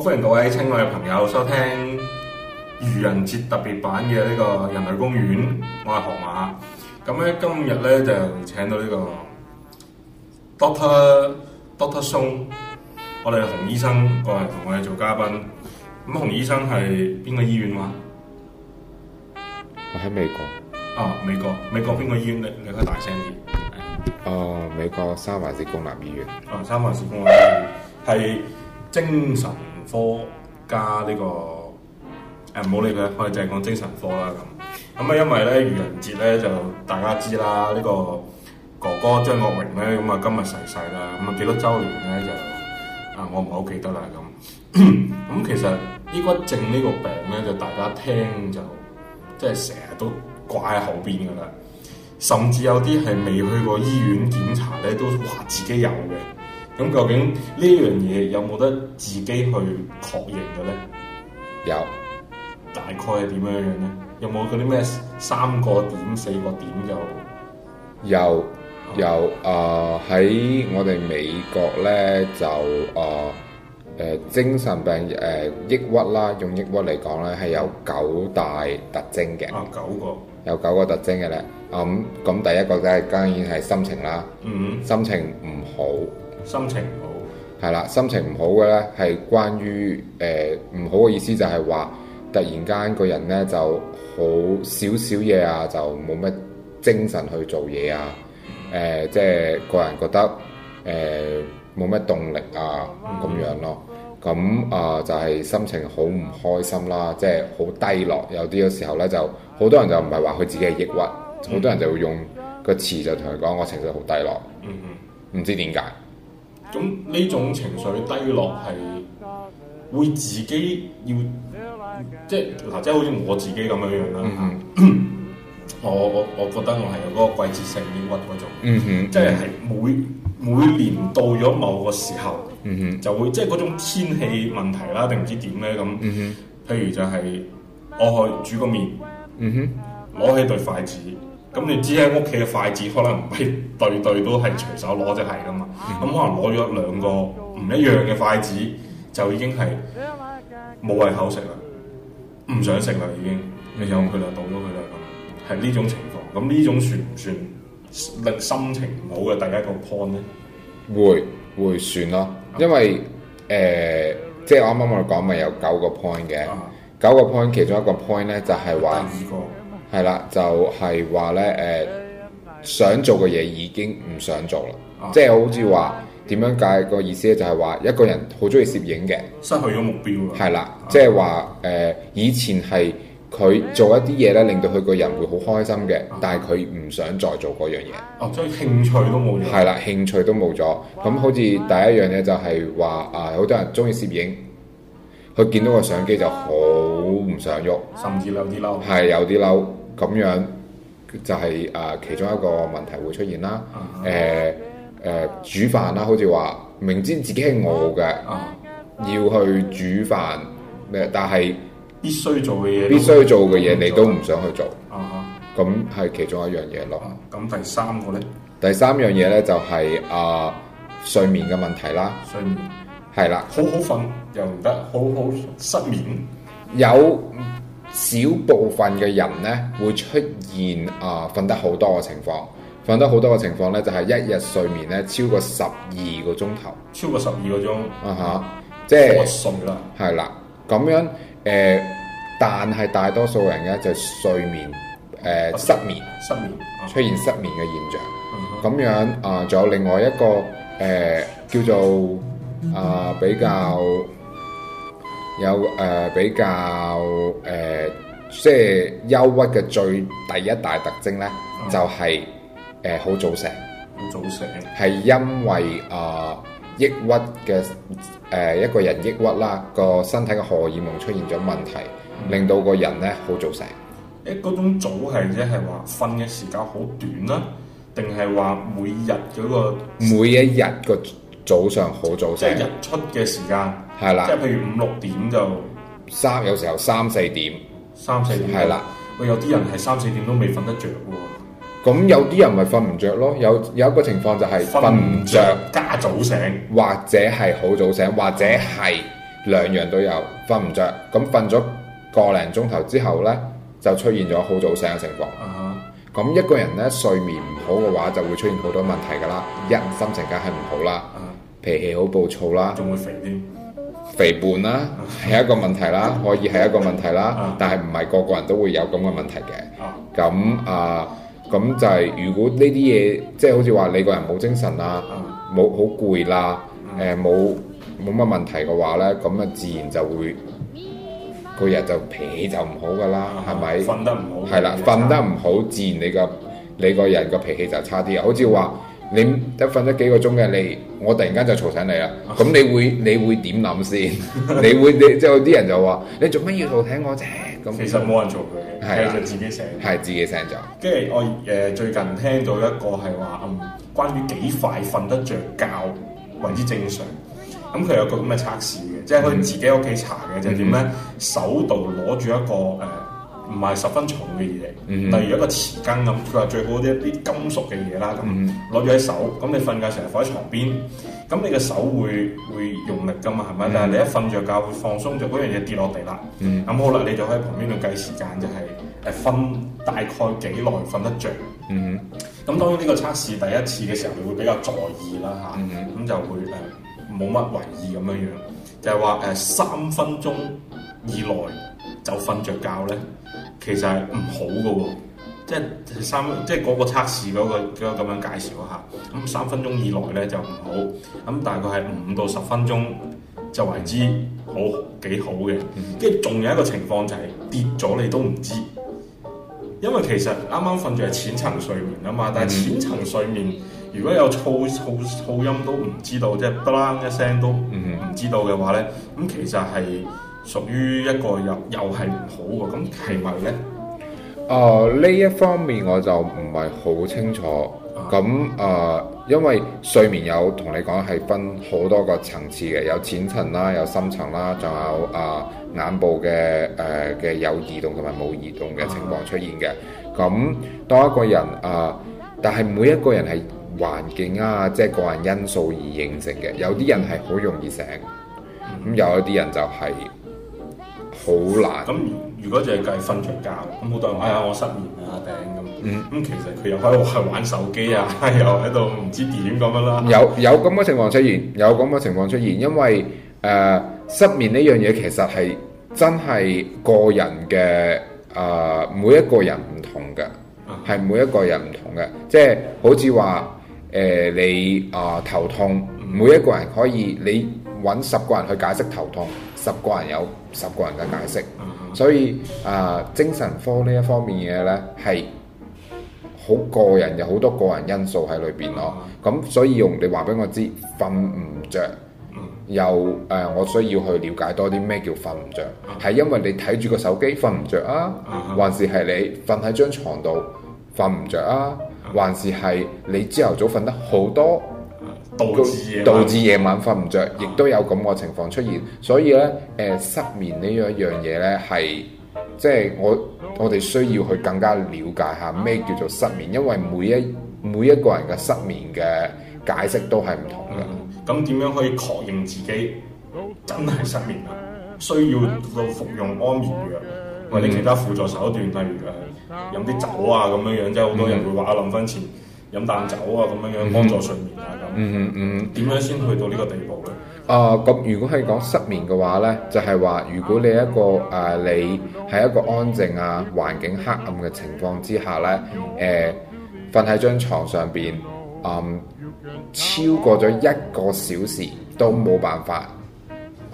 歡迎各位親愛嘅朋友收聽愚人節特別版嘅呢個人類公園，我係河馬。咁咧今日咧就請到呢個 Doctor Doctor Song，我哋熊醫生過嚟同我哋做嘉賓。咁熊醫生係邊個醫院話？我喺美國。啊，美國，美國邊個醫院？你你可以大聲啲。哦、呃，美國三藩市公立醫院。啊，三藩市公立醫院係精神。科加，呢個誒，唔好理佢，我哋淨係講精神科啦咁。咁啊，因為咧愚人節咧就大家知啦，呢個哥哥張國榮咧，咁啊今日逝世啦，咁幾多周年咧，就啊我唔係好記得啦咁。咁 嗯、其實抑鬱症呢個病咧就大家聽就即係成日都掛喺後邊噶啦，甚至有啲係未去過醫院檢查咧都話自己有嘅。咁究竟呢樣嘢有冇得自己去確認嘅咧有？有，大概係點樣樣咧？有冇嗰啲咩三個點、四個點就？有，有啊！喺、呃、我哋美國咧就啊誒、呃、精神病誒、呃、抑鬱啦，用抑鬱嚟講咧係有九大特徵嘅。啊，九個有九個特徵嘅咧。咁、嗯、咁第一個就係當然係心情啦。嗯，心情唔好。心情唔好，係啦，心情唔好嘅咧，係關於誒唔好嘅意思就，就係話突然間個人咧就好少少嘢啊，就冇乜精神去做嘢啊，誒、呃，即、就、係、是、個人覺得誒冇乜動力啊咁樣咯，咁、呃、啊就係、是、心情好唔開心啦，即係好低落。有啲嘅時候咧，就好多人就唔係話佢自己係抑鬱，好、嗯、多人就會用個詞就同佢講，我情緒好低落，唔、嗯嗯、知點解。咁呢種，種情緒低落係會自己要即係嗱，即係好似我自己咁樣樣啦、mm hmm. 我我我覺得我係有嗰個季節性抑鬱嗰種，即係係每、mm hmm. 每年到咗某個時候、mm hmm. 就會即係嗰種天氣問題啦，定唔知點咧咁。Mm hmm. 譬如就係我去煮個麵，攞、mm hmm. 起對筷子。咁你知喺屋企嘅筷子可能唔係對對都係隨手攞就係㗎嘛，咁可能攞咗兩個唔一樣嘅筷子就已經係冇胃口食啦，唔想食啦已經，又佢兩倒咗佢兩，係呢、嗯、種情況，咁呢種算唔算令心情唔好嘅第一個 point 咧？會會算咯，嗯、因為誒、呃，即係我啱啱我講咪有九個 point 嘅，嗯、九個 point 其中一個 point 咧就係、是、話。係啦，就係話咧，誒、呃、想做嘅嘢已經唔想做啦，啊、即係好似話點樣解個意思咧？就係、是、話一個人好中意攝影嘅，失去咗目標。係啦的，的即係話誒，以前係佢做一啲嘢咧，令到佢個人會好開心嘅，啊、但係佢唔想再做嗰樣嘢。哦、啊，所以興趣都冇。係啦，興趣都冇咗。咁哇好似第一樣嘢就係話啊，好、呃、多人中意攝影。佢見到個相機就好唔想喐，甚至有啲嬲，係有啲嬲，咁樣就係、是、誒、呃、其中一個問題會出現啦。誒誒、uh huh. 呃呃、煮飯啦，好似話明知自己係餓嘅，uh huh. 要去煮飯咩？但係必須做嘅嘢，必須做嘅嘢，你都唔想去做。咁係、uh huh. 其中一樣嘢咯。咁、uh huh. 第三個呢？第三樣嘢呢、就是，就係誒睡眠嘅問題啦。睡係啦，好好瞓又唔得，好好失眠。有少部分嘅人呢，會出現啊瞓，呃、得好多嘅情況。瞓得好多嘅情況呢，就係，是、一日睡眠咧超過十二個鐘頭。超過十二個鐘。啊哈，即係，uh。困咗啦。係啦，咁樣誒、呃，但係大多數人呢，就是、睡眠誒、呃、失眠，失眠出現失眠嘅現象。咁、嗯嗯、樣啊，仲，呃、有另外一個誒、呃、叫做。啊、嗯呃，比較有誒，比較誒，即係憂鬱嘅最第一大特徵咧，嗯、就係誒好早醒。好早醒係因為啊、呃，抑鬱嘅誒，一個人抑鬱啦，呃、個身體嘅荷爾蒙出現咗問題，嗯、令到個人咧好早醒。誒，嗰種早係即係話瞓嘅時間好短啦，定係話每日嗰個每一日個？早上好，早醒即係日出嘅時間係啦，的即係譬如五六點就三，3, 有時候三四點三四點係啦，我的有啲人係三四點都未瞓得着喎。咁、嗯、有啲人咪瞓唔着咯，有有一個情況就係瞓唔着加早醒，或者係好早醒，或者係兩樣都有瞓唔着。咁瞓咗個零鐘頭之後呢，就出現咗好早醒嘅情況。咁、嗯、一個人呢，睡眠唔好嘅話，就會出現好多問題㗎喇，一心情梗係唔好啦。嗯嗯嗯脾氣好暴躁啦，仲會肥啲，肥胖啦，係一個問題啦，可以係一個問題啦，但係唔係個個人都會有咁嘅問題嘅。咁啊，咁就係如果呢啲嘢，即係好似話你個人冇精神啦，冇好攰啦，誒冇冇乜問題嘅話呢，咁啊自然就會個日就脾氣就唔好噶啦，係咪？瞓得唔好，係啦，瞓得唔好，自然你個你個人個脾氣就差啲，好似話。你一瞓咗幾個鐘嘅你，我突然間就嘈醒你啦。咁、啊、你會你會點諗先？你會 你、會你即係有啲人就話：你做咩要嘈醒我啫？咁其實冇人嘈佢嘅，係就自己醒。係自己醒咗。跟住我誒、呃、最近聽到一個係話、嗯，關於幾快瞓得着覺為之正常。咁佢有個咁嘅測試嘅，即係可以自己屋企查嘅，就係點咧？手度攞住一個誒。唔係十分重嘅嘢嚟，嗯、例如一個匙羹咁，佢話最好一啲金屬嘅嘢啦咁，攞住喺手，咁你瞓覺成日放喺床邊，咁你嘅手會會用力噶嘛，係咪？但係、嗯、你一瞓着覺會放鬆咗嗰樣嘢跌落地啦。咁好啦，你就可以喺旁邊度計時間，就係誒分大概幾耐瞓得著。咁、嗯、當然呢個測試第一次嘅時候，你會比較在意啦嚇，咁、嗯啊、就會誒冇乜懷意咁樣樣，就係話誒三分鐘以內就瞓着覺咧。其實係唔好噶喎，即係三即係嗰個測試嗰個，個咁樣介紹一下。咁三分鐘以內咧就唔好，咁、嗯、大概係五到十分鐘就為之好幾好嘅。跟住仲有一個情況就係、是、跌咗你都唔知，因為其實啱啱瞓住係淺層睡眠啊嘛，但係淺層睡眠如果有噪噪噪音都唔知道，即係呯一聲都唔唔知道嘅話咧，咁、嗯嗯、其實係。屬於一個又又係唔好喎，咁係咪呢？誒呢、呃、一方面我就唔係好清楚。咁誒、啊呃，因為睡眠有同你講係分好多個層次嘅，有淺層啦，有深層啦，仲有誒、呃、眼部嘅誒嘅有移動同埋冇移動嘅情況出現嘅。咁、啊、當一個人誒、呃，但係每一個人係環境啊，即、就、係、是、個人因素而形成嘅。有啲人係好容易醒，咁、嗯、有一啲人就係、是。好難咁，如果淨係計瞓着覺咁，好多人話呀，我失眠啊頂咁，咁、嗯、其實佢又喺度玩手機啊，又喺度唔知點咁樣啦、啊。有有咁嘅情況出現，有咁嘅情況出現，因為誒、呃、失眠呢樣嘢其實係真係個人嘅誒、呃，每一個人唔同嘅，係、啊、每一個人唔同嘅，即係好似話誒你啊、呃、頭痛。每一個人可以你揾十個人去解釋頭痛，十個人有十個人嘅解釋。所以啊、呃，精神科呢一方面嘢呢，係好個人有好多個人因素喺裏邊咯。咁、啊、所以用你話俾我知，瞓唔着，又誒、呃，我需要去了解多啲咩叫「瞓唔着」，係因為你睇住個手機瞓唔着啊，還是係你瞓喺張床度瞓唔着啊，還是係你朝頭、啊、早瞓得好多？導致、導致夜晚瞓唔着，亦、啊、都有咁嘅情況出現。所以呢，誒、呃、失眠呢樣一樣嘢呢，係即係我我哋需要去更加了解下咩叫做失眠，因為每一每一個人嘅失眠嘅解釋都係唔同嘅。咁點、嗯、樣可以確認自己真係失眠啦？需要到服用安眠藥，或者其他輔助手段，例如誒飲啲酒啊咁樣樣，即係好多人會話臨瞓前。飲啖酒啊，咁樣樣、嗯、幫助睡眠啊，咁嗯嗯嗯，點、嗯、樣先去到呢個地步呢？啊、呃，咁如果係講失眠嘅話呢，就係話，如果你一個誒、呃、你喺一個安靜啊環境黑暗嘅情況之下呢，誒瞓喺張床上邊，嗯、呃、超過咗一個小時都冇辦法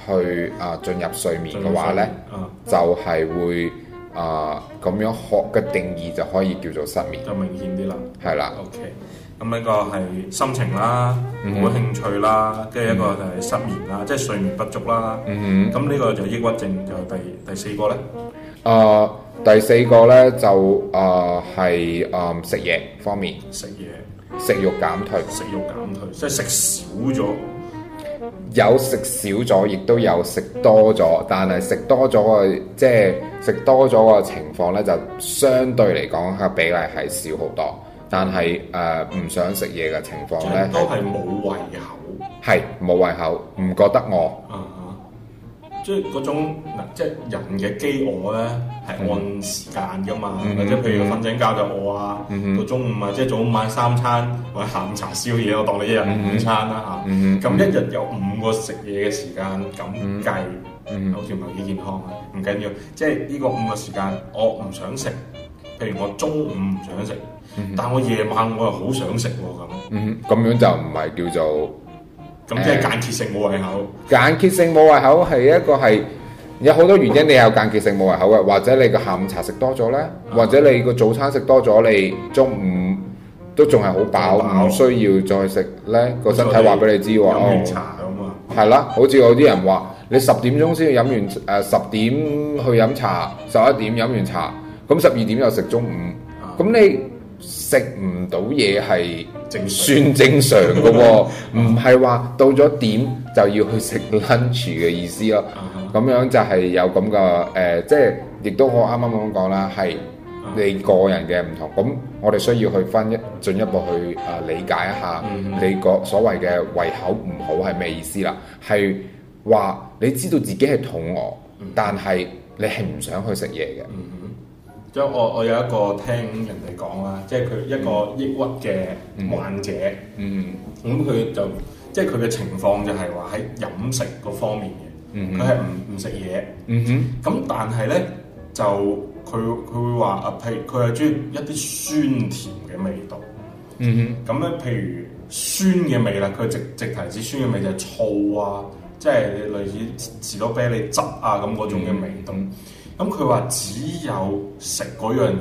去啊進、呃、入睡眠嘅話呢，啊、就係會。啊，咁、呃、樣學嘅定義就可以叫做失眠，就明顯啲啦。係啦了，OK。咁呢個係心情啦，冇、嗯、哼興趣啦，跟住、嗯、哼一個就係失眠啦，嗯、哼即係睡眠不足啦。嗯咁，哼呢個就係抑鬱症，就係、第第四個咧。啊，第四個咧、呃、就啊係啊食嘢方面。食嘢，食慾減退。食慾減退，即係食少咗。有食少咗，亦都有食多咗，但係食多咗個即係食多咗個情況呢，就相對嚟講個比例係少好多。但係誒唔想食嘢嘅情況呢，都係冇胃口，係冇胃口，唔覺得餓。嗯即係嗰種嗱，即係人嘅飢餓咧，係按時間㗎嘛。或者、嗯、譬如瞓醒覺就餓啊，嗯嗯嗯、到中午啊，即係早午晚三餐，或者下午茶宵夜，我當你一日五餐啦嚇。咁一日有五個食嘢嘅時間咁計，嗯嗯、好似唔係幾健康啊，唔緊要，即係呢個五個時間，我唔想食。譬如我中午唔想食，但係我夜晚我又好想食喎咁樣，嗯，咁樣就唔係叫做。咁即係間歇性冇胃口、嗯。間歇性冇胃口係一個係有好多原因，你有間歇性冇胃口嘅，或者你個下午茶食多咗呢，嗯、或者你個早餐食多咗，你中午都仲係好飽，唔、嗯、需要再食、嗯、呢個身體話俾你知喎。飲完茶咁嘛。係啦，好似有啲人話，你十點鐘先要飲完誒十、呃、點去飲茶，十一點飲完茶，咁十二點又食中午，咁、嗯嗯、你。食唔到嘢係算正常嘅喎、哦，唔係話到咗點就要去食 lunch 嘅意思咯、哦。咁 樣就係有咁嘅誒，即係亦都我啱啱咁講啦，係你個人嘅唔同。咁我哋需要去分一進一步去啊、呃、理解一下你個所謂嘅胃口唔好係咩意思啦？係話你知道自己係肚餓，但係你係唔想去食嘢嘅。 即我我有一個聽人哋講啦，即係佢一個抑鬱嘅患者，咁佢、mm hmm. 就即係佢嘅情況就係話喺飲食嗰方面嘅，佢係唔唔食嘢，咁、hmm. 嗯 hmm. 但係咧就佢佢會話啊，譬如佢係中意一啲酸甜嘅味道，咁咧、mm hmm. 譬如酸嘅味啦，佢直直頭指酸嘅味就係、是、醋啊，即、就、係、是、類似士多啤梨汁啊咁嗰種嘅味道。Mm hmm. 咁佢話只有食嗰樣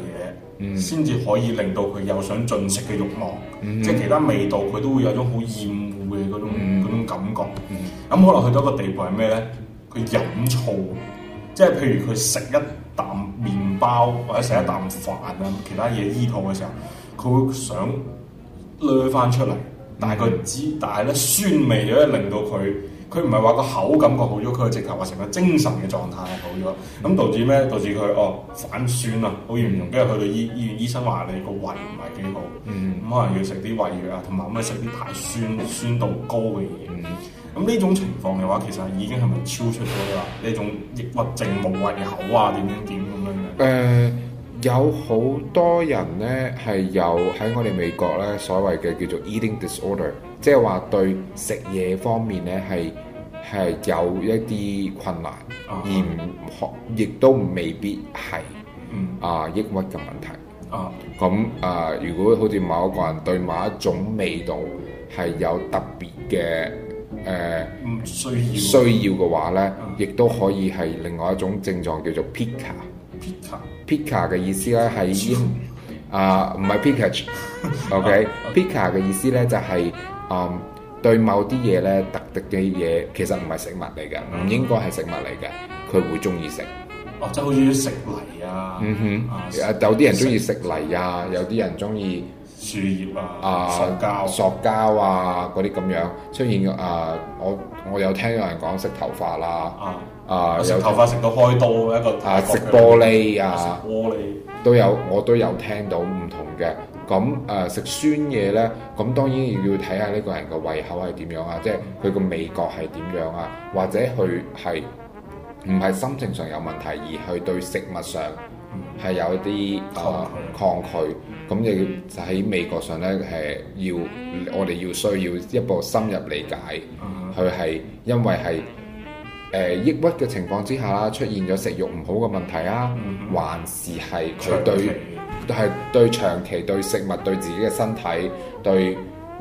嘢，先至、嗯、可以令到佢有想進食嘅欲望，嗯嗯即係其他味道佢都會有種好厭惡嘅嗰種、嗯、種感覺。咁、嗯、可能去到一個地步係咩咧？佢飲醋，即係譬如佢食一啖麵包或者食一啖飯啊，其他嘢依託嘅時候，佢會想掠翻出嚟，但係佢唔知，但係咧酸味咧令到佢。佢唔係話個口感覺好咗，佢直頭話成個精神嘅狀態好咗，咁導致咩？導致佢哦反酸啊，好嚴重。跟住去到醫醫院，醫生話你個胃唔係幾好，咁、嗯、可能要食啲胃藥啊，同埋唔可以食啲太酸酸度高嘅嘢。咁呢、嗯、種情況嘅話，其實已經係咪超出咗啦？呢種抑鬱症、無胃口啊，點點點咁樣樣。誒、呃，有好多人咧係有喺我哋美國咧所謂嘅叫做 eating disorder。即係話對食嘢方面咧，係係有一啲困難，uh huh. 而唔學，亦都未必係啊、uh huh. 呃、抑鬱嘅問題。啊、uh，咁、huh. 啊、呃，如果好似某一個人對某一種味道係有特別嘅誒，唔、呃、需要需要嘅話咧，亦都、uh huh. 可以係另外一種症狀，叫做 pica。pica pica 嘅意思咧係啊，唔係 pica，OK pica 嘅意思咧就係、是。嗯，對某啲嘢咧，特別嘅嘢，其實唔係食物嚟嘅，唔應該係食物嚟嘅，佢會中意食。哦，即係好似食泥啊，嗯哼，有啲人中意食泥啊，有啲人中意樹葉啊，塑膠啊，嗰啲咁樣出現。啊，我我有聽有人講食頭髮啦，啊，食頭髮食到開刀一個，啊，食玻璃啊，玻璃都有，我都有聽到唔同嘅。咁誒、嗯呃、食酸嘢呢，咁、嗯、當然要睇下呢個人嘅胃口係點樣啊，即係佢個味覺係點樣啊，或者佢係唔係心情上有問題，而佢對食物上係有啲、呃、抗拒，咁、嗯、就喺味覺上呢，係要我哋要需要一步深入理解，佢係、嗯、因為係、呃、抑鬱嘅情況之下啦、啊，出現咗食慾唔好嘅問題啊，嗯嗯嗯、還是係佢對？Okay. 係對長期，對食物、對自己嘅身體、對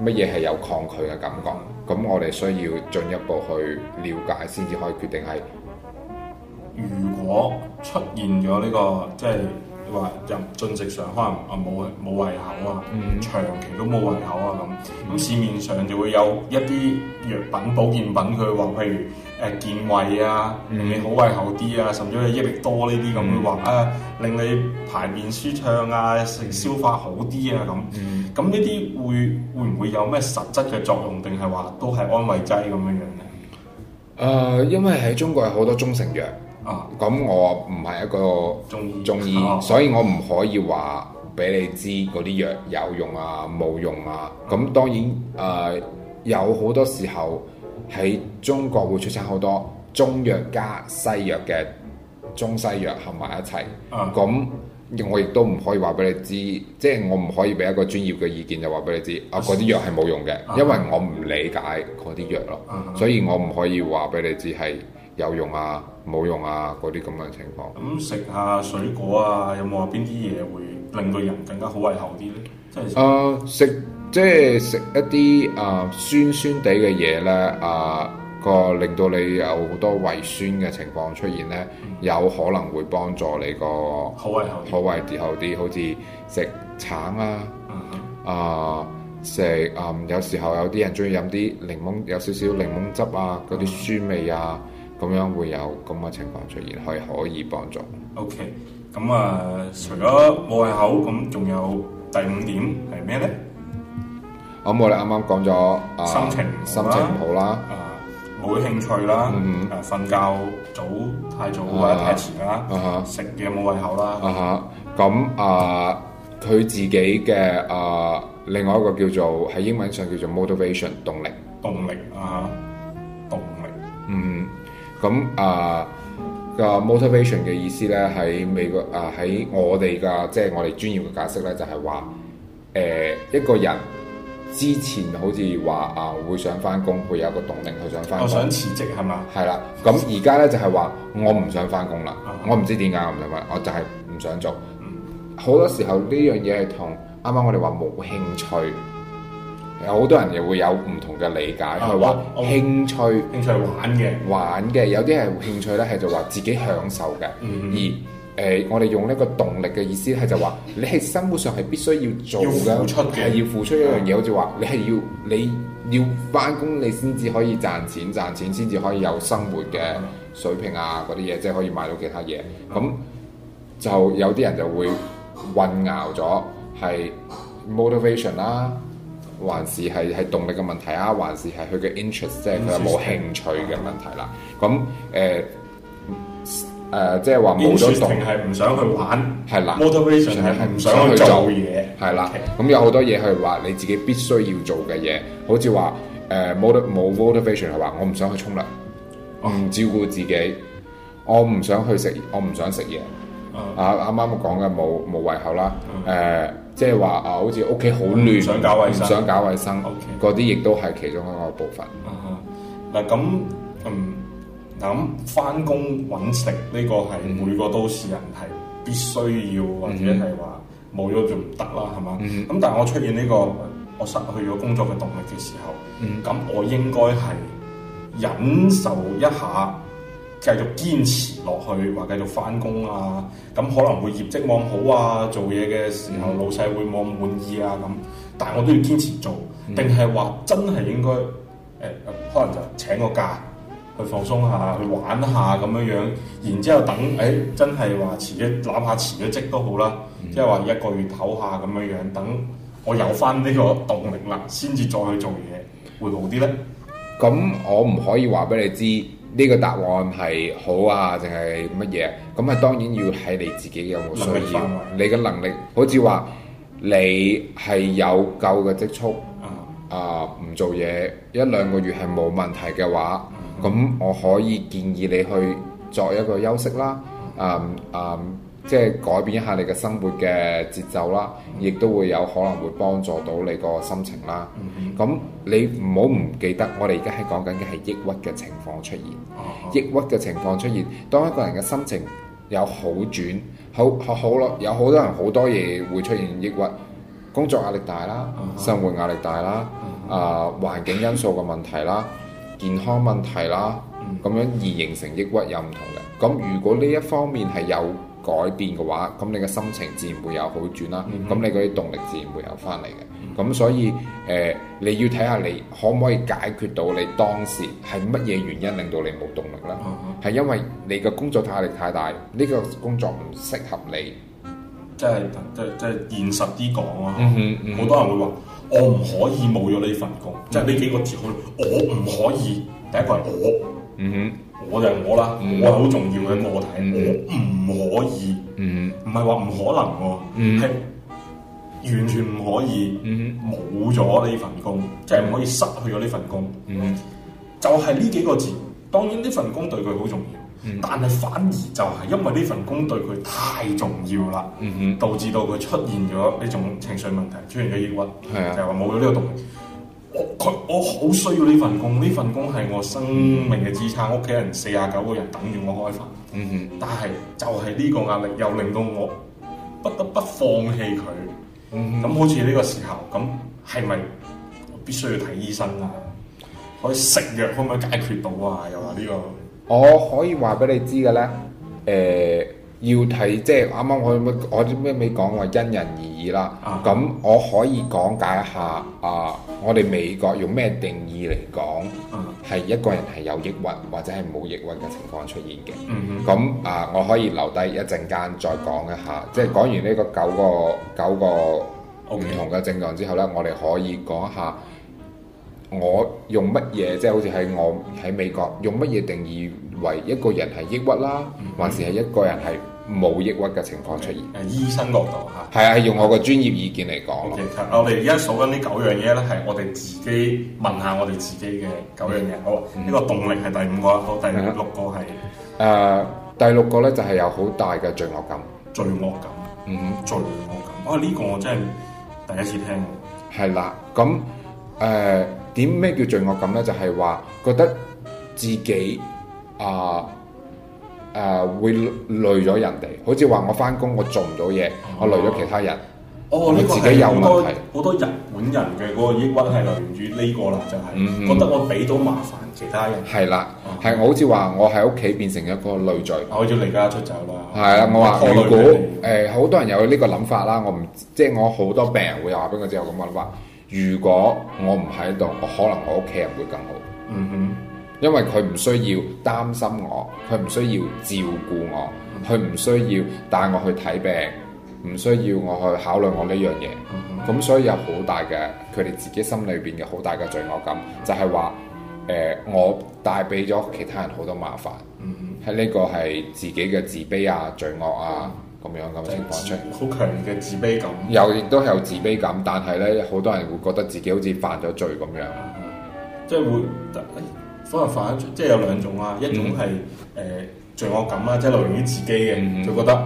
乜嘢係有抗拒嘅感覺，咁我哋需要進一步去了解先至可以決定係，如果出現咗呢、這個即係。話入進食上可能啊冇冇胃口啊，長期都冇胃口啊咁，咁市面上就會有一啲藥品保健品，佢話譬如誒健胃啊，令你好胃口啲啊，甚至你益力多呢啲咁，佢話啊令你排便舒暢啊，食消化好啲啊咁。咁呢啲會會唔會有咩實質嘅作用，定係話都係安慰劑咁樣樣嘅？誒，因為喺中國有好多中成藥。哦，咁、啊、我唔係一個中醫，所以我唔可以話俾你知嗰啲藥有用啊冇用啊。咁當然誒、呃，有好多時候喺中國會出產好多中藥加西藥嘅中西藥合埋一齊。咁、啊、我亦都唔可以話俾你知，即、就、係、是、我唔可以俾一個專業嘅意見就話俾你知啊嗰啲藥係冇用嘅，啊、因為我唔理解嗰啲藥咯，啊、所以我唔可以話俾你知係。有用啊，冇用啊，嗰啲咁嘅情況。咁、嗯嗯、食下水果啊，有冇話邊啲嘢會令個人更加好胃口啲咧？啊，食即係食一啲啊、呃、酸酸地嘅嘢咧，啊、呃、個令到你有好多胃酸嘅情況出現咧，嗯、有可能會幫助你個、嗯、好胃口，好胃口啲，好似食橙啊，啊、嗯呃、食嗯、呃，有時候有啲人中意飲啲檸檬，有少少檸檬汁啊，嗰啲、嗯、酸味啊。咁樣會有咁嘅情況出現，係可以幫助。OK，咁啊，除咗冇胃口，咁仲有第五點係咩咧？咁我哋啱啱講咗心情，心情唔好啦，冇興趣啦，誒瞓覺早太早或者太遲啦，食嘢冇胃口啦。啊哈，咁啊，佢自己嘅啊，另外一個叫做喺英文上叫做 motivation 動力，動力啊，動力，嗯。咁啊個、呃、motivation 嘅意思咧，喺美國啊，喺、呃、我哋嘅即係我哋專業嘅解釋咧，就係話誒一個人之前好似話啊會想翻工，會有個動力去想翻工。我想辭職係嘛？係啦，咁而家咧就係話我唔想翻工啦，我唔、uh huh. 知點解我唔想翻，我就係唔想做。好、uh huh. 多時候呢樣嘢係同啱啱我哋話冇興趣。有好多人又會有唔同嘅理解，係話興趣，興趣玩嘅，玩嘅。有啲係興趣咧，係就話自己享受嘅。嗯嗯而誒、呃，我哋用呢個動力嘅意思係就話， 你係生活上係必須要做嘅，要付，出要付出一樣嘢，嗯、好似話你係要你要翻工，你先至可以賺錢，賺錢先至可以有生活嘅水平啊嗰啲嘢，即、就、係、是、可以買到其他嘢。咁、嗯嗯、就有啲人就會混淆咗，係 motivation 啦、啊。還是係係動力嘅問題啊，還是係佢嘅 interest，即係佢有冇興趣嘅問題啦、啊。咁誒誒，即係話冇咗動力，定係唔想去玩？係啦，motivation 係唔想去做嘢？係啦。咁 Okay. 有好多嘢係話你自己必須要做嘅嘢，好似話誒冇得冇 motivation 係話我唔想去沖涼，唔、oh. 照顧自己，我唔想去食，我唔想食嘢。啊！啱啱講嘅冇冇胃口啦，誒、uh，即係話啊，好似屋企好亂，唔想搞衞生，嗰啲亦都係其中一個部分。嗱咁、uh huh.，嗯，嗱咁，翻工揾食呢個係每個都市人係必須要，或者係話冇咗就唔得啦，係嘛？咁但係我出現呢個我失去咗工作嘅動力嘅時候，咁、uh huh. 我應該係忍受一下。繼續堅持落去，話繼續翻工啊，咁、嗯、可能會業績冇咁好啊，做嘢嘅時候、嗯、老細會冇咁滿意啊，咁但係我都要堅持做，定係話真係應該誒、呃，可能就請個假去放鬆下，去玩一下咁樣樣，然之後等誒、哎、真係話辭咗攬下辭咗職都好啦，即係話一個月唞下咁樣樣，等我有翻呢個動力啦，先至再去做嘢會好啲咧。咁我唔可以話俾你知。呢個答案係好啊，定係乜嘢？咁啊，當然要睇你自己有冇需要。你嘅能力，好似話你係有夠嘅積蓄，啊、嗯，唔、呃、做嘢一兩個月係冇問題嘅話，咁我可以建議你去作一個休息啦。啊、嗯、啊！嗯即係改變一下你嘅生活嘅節奏啦，亦都會有可能會幫助到你個心情啦。咁、mm hmm. 你唔好唔記得，我哋而家係講緊嘅係抑鬱嘅情況出現。Uh huh. 抑鬱嘅情況出現，當一個人嘅心情有好轉，好好咯，有好多人好多嘢會出現抑鬱，工作壓力大啦，uh huh. 生活壓力大啦，啊、uh huh. 呃、環境因素嘅問題啦，健康問題啦，咁、uh huh. 樣而形成抑鬱有唔同嘅。咁如果呢一方面係有改變嘅話，咁你嘅心情自然會有好轉啦。咁、嗯、哼你嗰啲動力自然會有翻嚟嘅。咁、嗯、哼所以誒、呃，你要睇下你可唔可以解決到你當時係乜嘢原因令到你冇動力啦？係、嗯、哼因為你嘅工作壓力太大，呢、呢個工作唔適合你，即係即即現實啲講咯。好、嗯嗯、多人會話我唔可以冇咗呢份工，即係呢幾個字，我我唔可以。第一個係我。嗯我就係我啦，我係好重要嘅、嗯嗯、個體，我唔可以，唔係話唔可能喎，嗯、完全唔可以冇咗呢份工，即係唔可以失去咗呢份工。嗯、就係呢幾個字。當然呢份工對佢好重要，嗯、但係反而就係因為呢份工對佢太重要啦，嗯嗯、導致到佢出現咗呢種情緒問題，出現咗抑鬱，嗯、就係話冇咗呢個動力。我佢我好需要呢份工，呢份工係我生命嘅支撐，屋企人，嗯，四十九個人等住我開飯。嗯哼，但係就係呢個壓力又令到我不得不放棄佢。嗯哼，咁好似呢個時候咁，係咪必須要睇醫生啊？可以食藥可唔可以解決到啊？又話呢個，我可以話俾你知嘅咧，誒。要睇，即係啱啱我我知咩未講話因人而異啦。咁、uh huh. 我可以講解一下啊，uh, 我哋美國用咩定義嚟講係、uh huh. 一個人係有抑鬱或者係冇抑鬱嘅情況出現嘅。咁啊、uh，huh. uh, 我可以留低一陣間再講一下。即係講完呢個九個九個唔同嘅症狀之後呢，Okay. 我哋可以講一下我用乜嘢，即係好似喺我喺美國用乜嘢定義為一個人係抑鬱啦，還、uh huh. 是係一個人係？冇抑鬱嘅情況出現。誒、okay. 啊，醫生角度嚇，係啊，用我個專業意見嚟講咯。其實我哋而家數緊呢九樣嘢咧，係我哋自己問下我哋自己嘅九樣嘢。好、嗯，呢個動力係第五個，好、嗯，第六個係誒，第六個咧就係有好大嘅罪惡感。罪惡感，嗯罪惡感。啊，呢、這個我真係第一次聽喎。係啦、啊，咁誒點咩叫罪惡感咧？就係、是、話覺得自己啊。誒、呃、會累咗人哋，好似話我翻工我做唔到嘢，啊、我累咗其他人。哦，我自己有問題，好多好是多日本人嘅嗰個抑鬱係來源於呢個啦，就係、是、覺得我俾到麻煩其他人。係、嗯、哼啦，係、啊、我好似話我喺屋企變成一個累贅，我要離家出走啦。係啊，我話如果誒好、呃、多人有呢個諗法啦，我唔即係我好多病人會話俾我知有咁嘅諗法。如果我唔喺度，我可能我屋企人會，會更好。嗯哼。因為佢唔需要擔心我，佢唔需要照顧我，佢唔需要帶我去睇病，唔需要我去考慮我呢、嗯、哼樣嘢，咁所以有好大嘅佢哋自己心裏邊嘅好大嘅罪惡感，就係話誒我帶俾咗其他人好多麻煩，喺呢、嗯、哼個係自己嘅自卑啊、罪惡啊咁樣嘅情況出，好強烈嘅自卑感，有亦都係有自卑感，但係咧好多人會覺得自己好似犯咗罪咁樣，嗯、哼 即係會。可能反即係有兩種啊。一種係誒罪惡感啦，即係來源於自己嘅，就覺得誒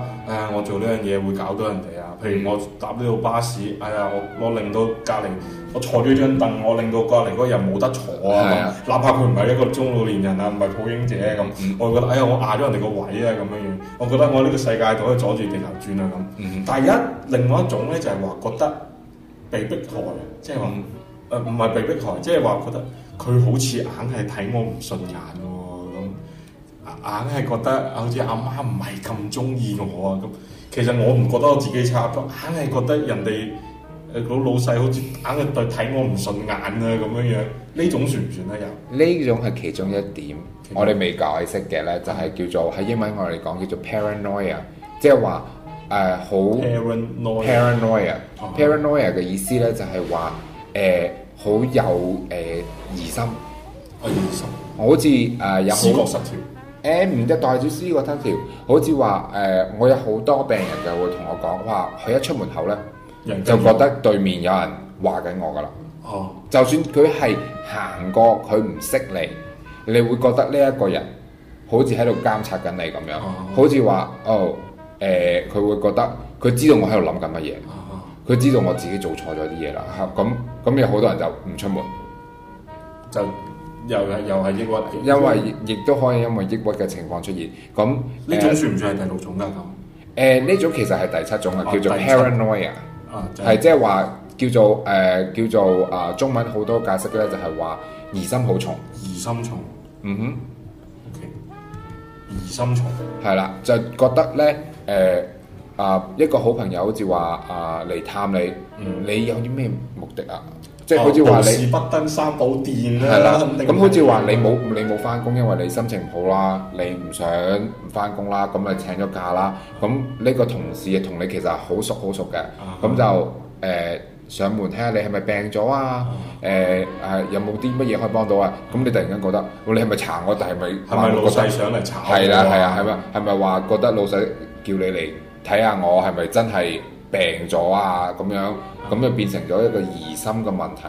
我做呢樣嘢會搞到人哋啊。譬如我搭呢度巴士，哎呀我我令到隔離我坐咗張凳，我令到隔離嗰個人冇得坐啊。哪怕佢唔係一個中老年人啊，唔係抱嬰者咁，我覺得哎呀我壓咗人哋個位啊咁樣樣。我覺得我呢個世界都可以阻住地球轉啊咁。但係而家另外一種咧就係話覺得被逼害，即係話誒唔係被逼害，即係話覺得。佢好似硬係睇我唔順眼喎、啊，咁硬係覺得好似阿媽唔係咁中意我啊，咁其實我唔覺得我自己差多，硬係覺得人哋老老細好似硬係對睇我唔順眼啊，咁樣樣呢種算唔算咧？又呢種係其中一點，我哋未解釋嘅咧，就係叫做喺英文我哋講叫做 paranoia，即係話誒好、呃、paranoia，paranoia 嘅 par 意思咧就係話誒。呃 好有誒疑心， 我疑心，好似誒有思覺失調，誒唔過、欸、得代住思覺失調，好似話誒，我有好多病人就會同我講，哇！佢一出門口咧，就覺得對面有人話緊我噶啦，哦，就算佢係行過，佢唔識你，你會覺得呢一個人好似喺度監察緊你咁樣，哦、好似話哦誒，佢、呃、會覺得佢知道我喺度諗緊乜嘢。啊佢知道我自己做錯咗啲嘢啦，嚇咁咁有好多人就唔出門，就又係又係抑鬱。因為亦都可以因為抑鬱嘅情況出現，咁呢種，呃，種算唔算係第六種㗎咁？誒呢，呃，種其實係第七種啊叫，叫做 paranoia，係即係話叫做誒，呃，叫做啊，呃，中文好多解釋咧，就係話疑心好重，疑心重，嗯哼，okay. 疑心重，係啦，就覺得咧誒。呃啊！一個好朋友好似話啊嚟探你，你有啲咩目的啊？即係好似話你，不登三寶殿啦。係啦。咁好似話你冇你冇翻工，因為你心情唔好啦，你唔想唔翻工啦，咁咪請咗假啦。咁呢個同事同你其實好熟好熟嘅。啊。咁就誒上門睇下你係咪病咗啊？誒係有冇啲乜嘢可以幫到啊？咁你突然間覺得，你係咪查我定係咪？係咪老細想嚟查？係啦係啊係咪？係咪話覺得老細叫你嚟？睇下我係咪真係病咗啊？咁樣，咁就變成咗一個疑心嘅問題。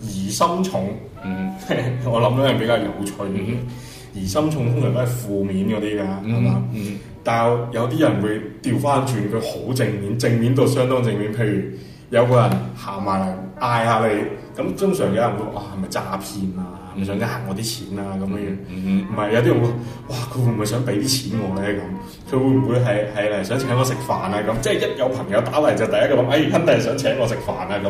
疑心重，嗯， 我諗呢係比較有趣、嗯、疑心重通常都係負面嗰啲㗎，係嘛？但有有啲人會調翻轉，佢好正面，正面到相當正面。譬如有個人行埋嚟嗌下你，咁通常有人會話係咪詐騙啊？是唔想呃我啲錢啊咁、嗯、樣，唔係有啲人會，會，哇佢會唔會想俾啲錢我咧咁？佢會唔會係係嚟想請我食飯啊咁？即係一有朋友打嚟就第一個諗，哎肯定係想請我食飯啊咁。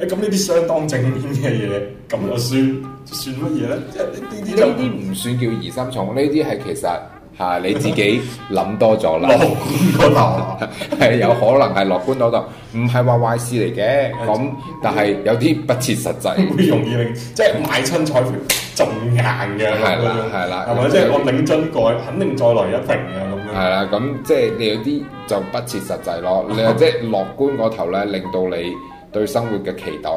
哎咁呢啲相當正面嘅嘢，咁我算、嗯、算乜嘢咧？呢啲唔算叫疑心重，呢啲係其實。啊！你自己諗多咗啦，樂觀嗰頭係有可能係樂觀嗰度，唔係話壞事嚟嘅。咁但係有啲不切實際，會容易令即係買親彩票中硬嘅。係啦係啦，係咪即係我領樽蓋，肯定再來一瓶嘅咁樣。係啦，咁即係你有啲就不切實際咯。你即係樂觀嗰頭咧，令到你對生活嘅期待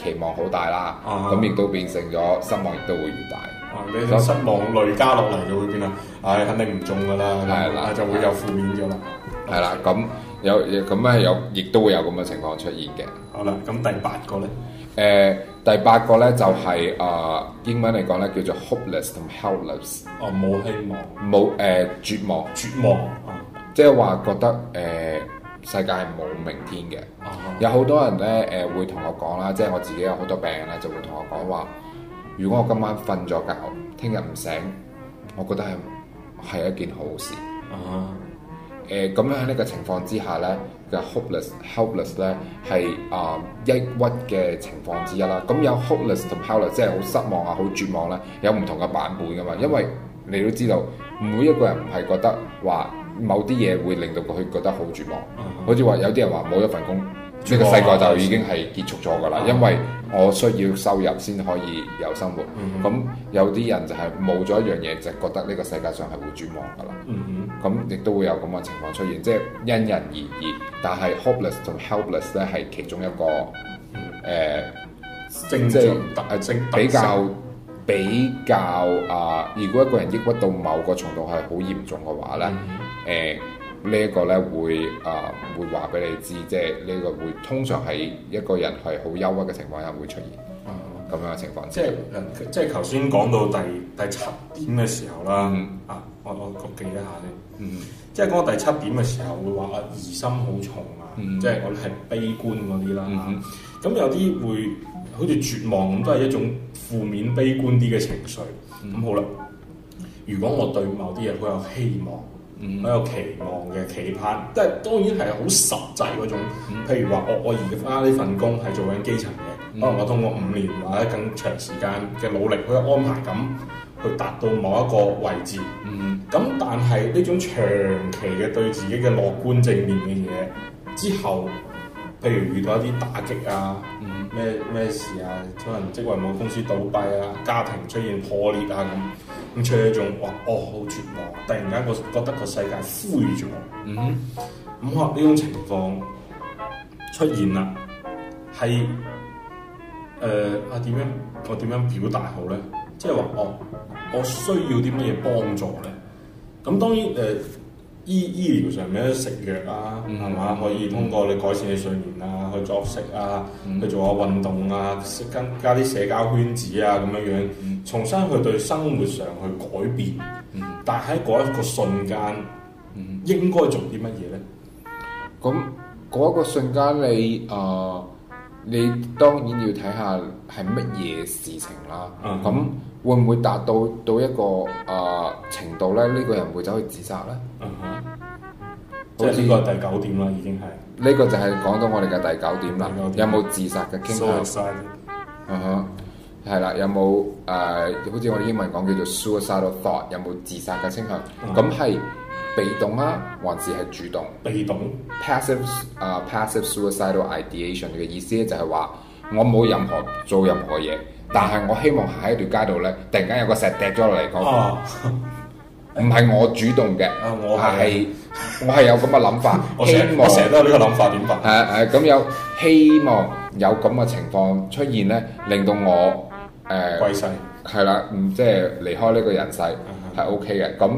誒期望好大啦。咁亦都變成咗失望，亦都會越大。啊！你失望累加落嚟，就會變啦，唉、哎，肯定唔中噶啦，係啦了，就會有負面咗啦。係啦了，咁有咁咧，有亦都會有咁嘅情況出現嘅。好啦，咁第八個咧？誒、呃，第八個咧就係、是、誒、呃，英文嚟講咧叫做 hopeless 同 helpless，哦，冇希望，冇誒絕望，絕望，絕望嗯、即係話覺得誒、呃、世界係冇明天嘅。啊、哈有好多人咧誒、呃、會同我講啦，即係我自己有好多病咧，就會同我講話。如果我今晚瞓咗覺，聽日唔醒，我覺得係係一件好，好事。啊、uh，誒、huh. 呃，咁樣喺呢個情況之下呢嘅 hopeless、helpless 呢，係啊、uh, 抑鬱嘅情況之一啦。咁、嗯、有 hopeless 同 helpless 即係好失望啊，好絕望咧，有唔同嘅版本噶嘛。因為你都知道，每一個人唔係覺得話某啲嘢會令到佢覺得好絕望，uh huh. 好似話有啲人話冇一份工。呢個世界就已經係結束咗噶啦，嗯、因為我需要收入先可以有生活。咁、嗯、有啲人就係冇咗一樣嘢，嗯、就覺得呢個世界上係會絕望噶啦。咁亦、嗯、都會有咁嘅情況出現，即、就、係、是、因人而異。但係 hopeless 同 helpless 咧，係其中一個誒，比較比較啊、呃。如果一個人抑鬱到某個程度係好嚴重嘅話咧，誒、嗯。嗯呃呢一個咧會啊、呃、會話俾你知，即係呢個會通常喺一個人係好憂鬱嘅情況下會出現咁、嗯、樣嘅情況即。即係，即係頭先講到第第七點嘅時候啦，嗯、啊，我我記一下先。嗯、即係講到第七點嘅時候，會話啊疑心好重啊，嗯、即係我哋係悲觀嗰啲啦。咁、嗯、有啲會好似絕望咁，都係一種負面悲觀啲嘅情緒。咁、嗯、好啦，如果我對某啲嘢好有希望。有我我嗯，一個期望嘅期盼，即係當然係好實際嗰種。譬如話，我我而家呢份工係做緊基層嘅，可能我通過五年或者更長時間嘅努力，去安排咁去達到某一個位置。嗯，咁但係呢種長期嘅對自己嘅樂觀正面嘅嘢之後，譬如遇到一啲打擊啊，咩、嗯、咩事啊，可能職位冇，公司倒閉啊，家庭出現破裂啊咁。咁除咗仲，哇！哦，好絕望，突然間我覺得個世界灰咗。嗯哼。咁、嗯、啊，可能呢種情況出現啦，係誒、呃、啊點樣？我、啊、點樣表達好咧？即係話，哦，我需要啲乜嘢幫助咧？咁當然誒，醫醫療上面食藥啊，係、嗯、嘛？可以通過你改善你睡眠啊，去作息啊，去做下運動啊，加加啲社交圈子啊，咁樣樣。重新去對生活上去改變，mm hmm. 但喺嗰一個瞬間，mm hmm. 應該做啲乜嘢咧？咁嗰一個瞬間你，你、呃、啊，你當然要睇下係乜嘢事情啦。咁、mm hmm. 會唔會達到到一個啊、呃、程度咧？呢、這個人會走去自殺咧？啊哈！即係呢個係第九點啦，已經係。呢個就係講到我哋嘅第九點啦。點有冇自殺嘅傾向？啊 So excited.、uh 係啦，有冇誒？好似我哋英文講叫做 suicidal thought，有冇自殺嘅傾向？咁係被動啊，還是係主動？被動 passive 誒 passive suicidal ideation 嘅意思咧，就係話我冇任何做任何嘢，但係我希望喺一條街度咧，突然間有個石掉咗落嚟，我唔係我主動嘅，係我係有咁嘅諗法，希望成日都有呢個諗法點法係係咁有希望有咁嘅情況出現咧，令到我。誒，係啦、呃，唔即係離開呢個人世係 O K 嘅，咁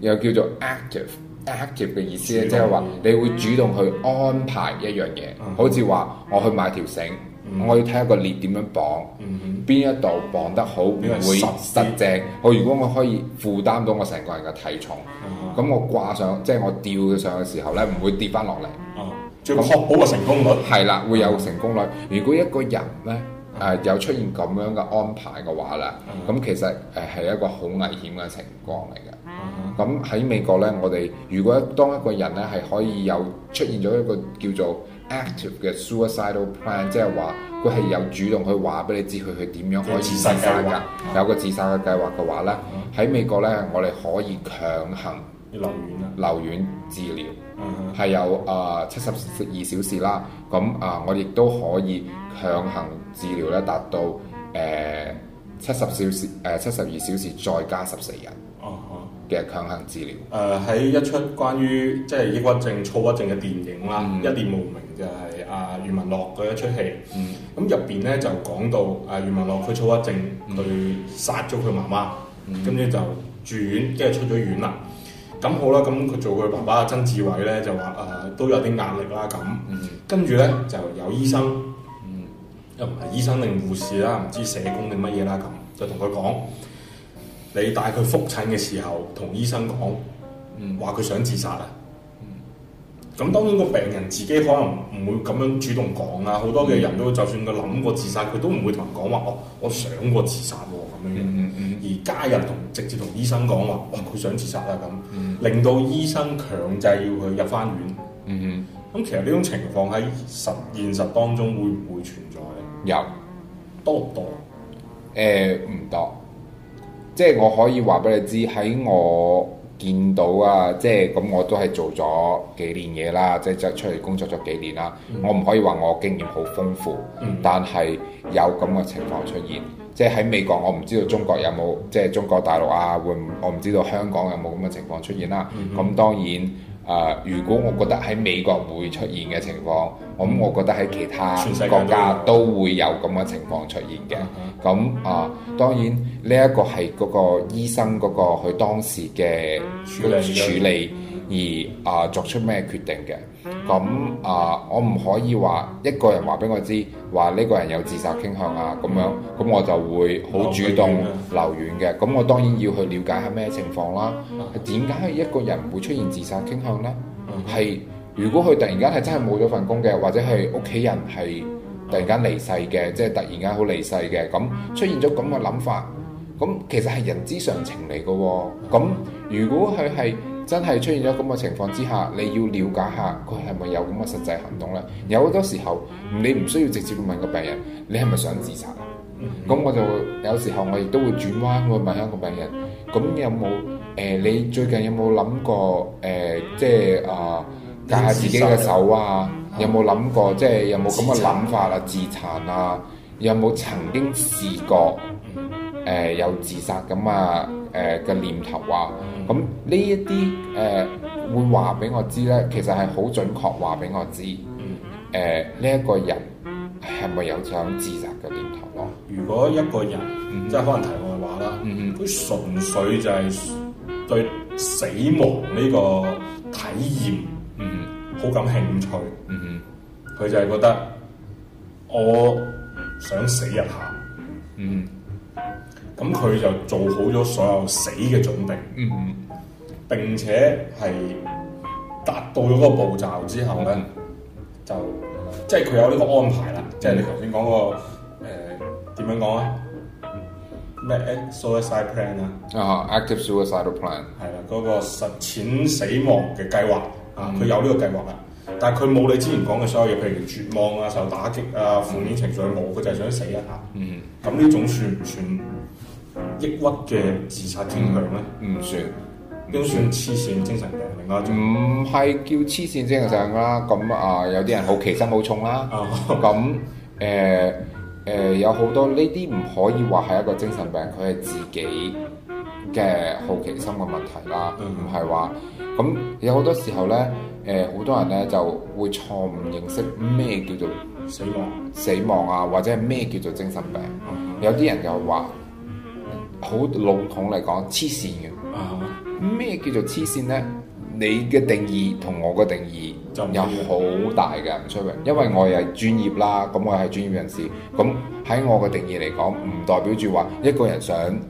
又叫做 active，active 嘅 active 意思咧，即係話你會主動去安排一樣嘢，好似話我去買條繩，我要睇一個鏈點樣綁，邊、嗯、哼一度綁得好唔、嗯、哼會實正，我如果我可以負擔到我成個人嘅體重，咁、嗯、哼我掛上，即、就、係、是、我吊佢上嘅時候咧，唔會跌翻落嚟，咁確保個成功率係啦，會有成功率。如果一個人咧？誒有、呃、出現咁樣嘅安排嘅話啦，咁、mm hmm. 嗯、其實誒係一個好危險嘅情況嚟嘅。咁喺、mm hmm. 嗯、美國呢，我哋如果一當一個人呢，係可以有出現咗一個叫做 active 嘅 suicidal plan，、mm hmm. 即係話佢係有主動去話俾你知佢去點樣開始自殺㗎，殺啊、有個自殺嘅計劃嘅話呢喺、mm hmm. 美國呢，我哋可以強行。留院啦、啊，留院治療係、uh huh. 有啊七十二小時啦。咁啊、呃，我亦都可以強行治療咧，達到誒七十小時誒七十二小時，呃、小時再加十四日嘅強行治療。誒喺、uh huh. 呃、一出關於即係、就是、抑鬱症、躁鬱症嘅電影啦，mm hmm.《一念無明》就係啊余文樂嗰一出戲。咁入邊咧就講到啊余、呃、文樂佢躁鬱症，去、mm hmm. 殺咗佢媽媽，跟住、mm、就住院，跟住出咗院啦。咁好啦，咁佢做佢爸爸曾志偉咧就話誒、呃、都有啲壓力啦咁，mm hmm. 跟住咧就有醫生，mm hmm. 又唔係醫生定護士啦，唔知社工定乜嘢啦咁，就同佢講，你帶佢復診嘅時候同醫生講，話佢想自殺啊。咁、mm hmm. 當然個病人自己可能唔會咁樣主動講啊，好多嘅人都就算佢諗過自殺，佢都唔會同人講話我我想過自殺喎咁樣，而家人同直接同醫生講話，佢想自殺啊咁。Mm 令到醫生強制要佢入翻院，嗯哼，咁其實呢種情況喺實現實當中會唔會存在？有，多唔多？誒、呃，唔多。即係我可以話俾你知，喺我見到啊，即係咁我都係做咗幾年嘢啦，即係就出嚟工作咗幾年啦。嗯、哼我唔可以話我經驗好豐富，嗯、哼但係有咁嘅情況出現。即係喺美國，我唔知道中國有冇，即係中國大陸啊，會我唔知道香港有冇咁嘅情況出現啦。咁、嗯、哼當然，誒、呃，如果我覺得喺美國會出現嘅情況，咁、嗯、哼我覺得喺其他國家都會有咁嘅情況出現嘅。咁啊、嗯哼呃，當然呢一個係嗰個醫生嗰個佢當時嘅處理。而啊、呃，作出咩決定嘅咁啊？我唔可以話一個人話俾我知話呢個人有自殺傾向啊，咁樣咁我就會好主動留院嘅。咁我當然要去了解下咩情況啦。係點解一個人會出現自殺傾向呢？係如果佢突然間係真係冇咗份工嘅，或者係屋企人係突然間離世嘅，即係突然間好離世嘅咁，出現咗咁嘅諗法，咁其實係人之常情嚟嘅、啊。咁如果佢係，真係出現咗咁嘅情況之下，你要了解下佢係咪有咁嘅實際行動咧？有好多時候，你唔需要直接去問個病人，你係咪想自殘？咁、mm hmm. 我就有時候我亦都會轉彎去問一個病人：咁有冇誒、呃？你最近有冇諗過誒、呃？即係啊，揀、呃、下自己嘅手啊？有冇諗過、嗯、即係有冇咁嘅諗法啊？自殘啊，自殘啊？有冇曾經試過誒、呃、有自殺咁啊誒嘅念頭啊？咁呢一啲誒會話俾我知咧，其實係好準確話俾我知，誒呢一個人係咪有想自殺嘅念頭咯？如果一個人即係可能提我嘅話啦，佢純、嗯、哼粹就係對死亡呢個體驗好、嗯、感興趣，佢、嗯、就係覺得我想死一下。嗯。咁佢就做好咗所有死嘅準備，嗯，並且係達到咗嗰個步驟之後咧，就即係佢有呢個安排啦。即係你頭先講個誒點樣講啊？咩 suicide plan 啊？啊，active suicidal plan 係啦，嗰個實踐死亡嘅計劃啊，佢有呢個計劃啦，但係佢冇你之前講嘅所有嘢，譬如絕望啊、受打擊啊、負面情緒冇，佢就係想死一下。嗯，咁呢種算唔算？抑鬱嘅自殺傾向咧，唔、嗯、算，都算黐線精神病嚟噶。唔係叫黐線精神病啦，咁啊、嗯呃、有啲人好奇心好重啦，咁誒誒有好多呢啲唔可以話係一個精神病，佢係自己嘅好奇心嘅問題啦，唔係話咁有好多時候咧，誒、呃、好多人咧就會錯誤認識咩叫做死亡、啊，死亡啊或者係咩叫做精神病，嗯、哼有啲人又話。好籠統嚟講，黐線嘅。咩、啊、叫做黐線呢？你嘅定義同我嘅定義是有好大嘅唔出入，因為我又係專業啦，咁、嗯、我係專業人士。咁喺我嘅定義嚟講，唔代表住話一個人想、嗯、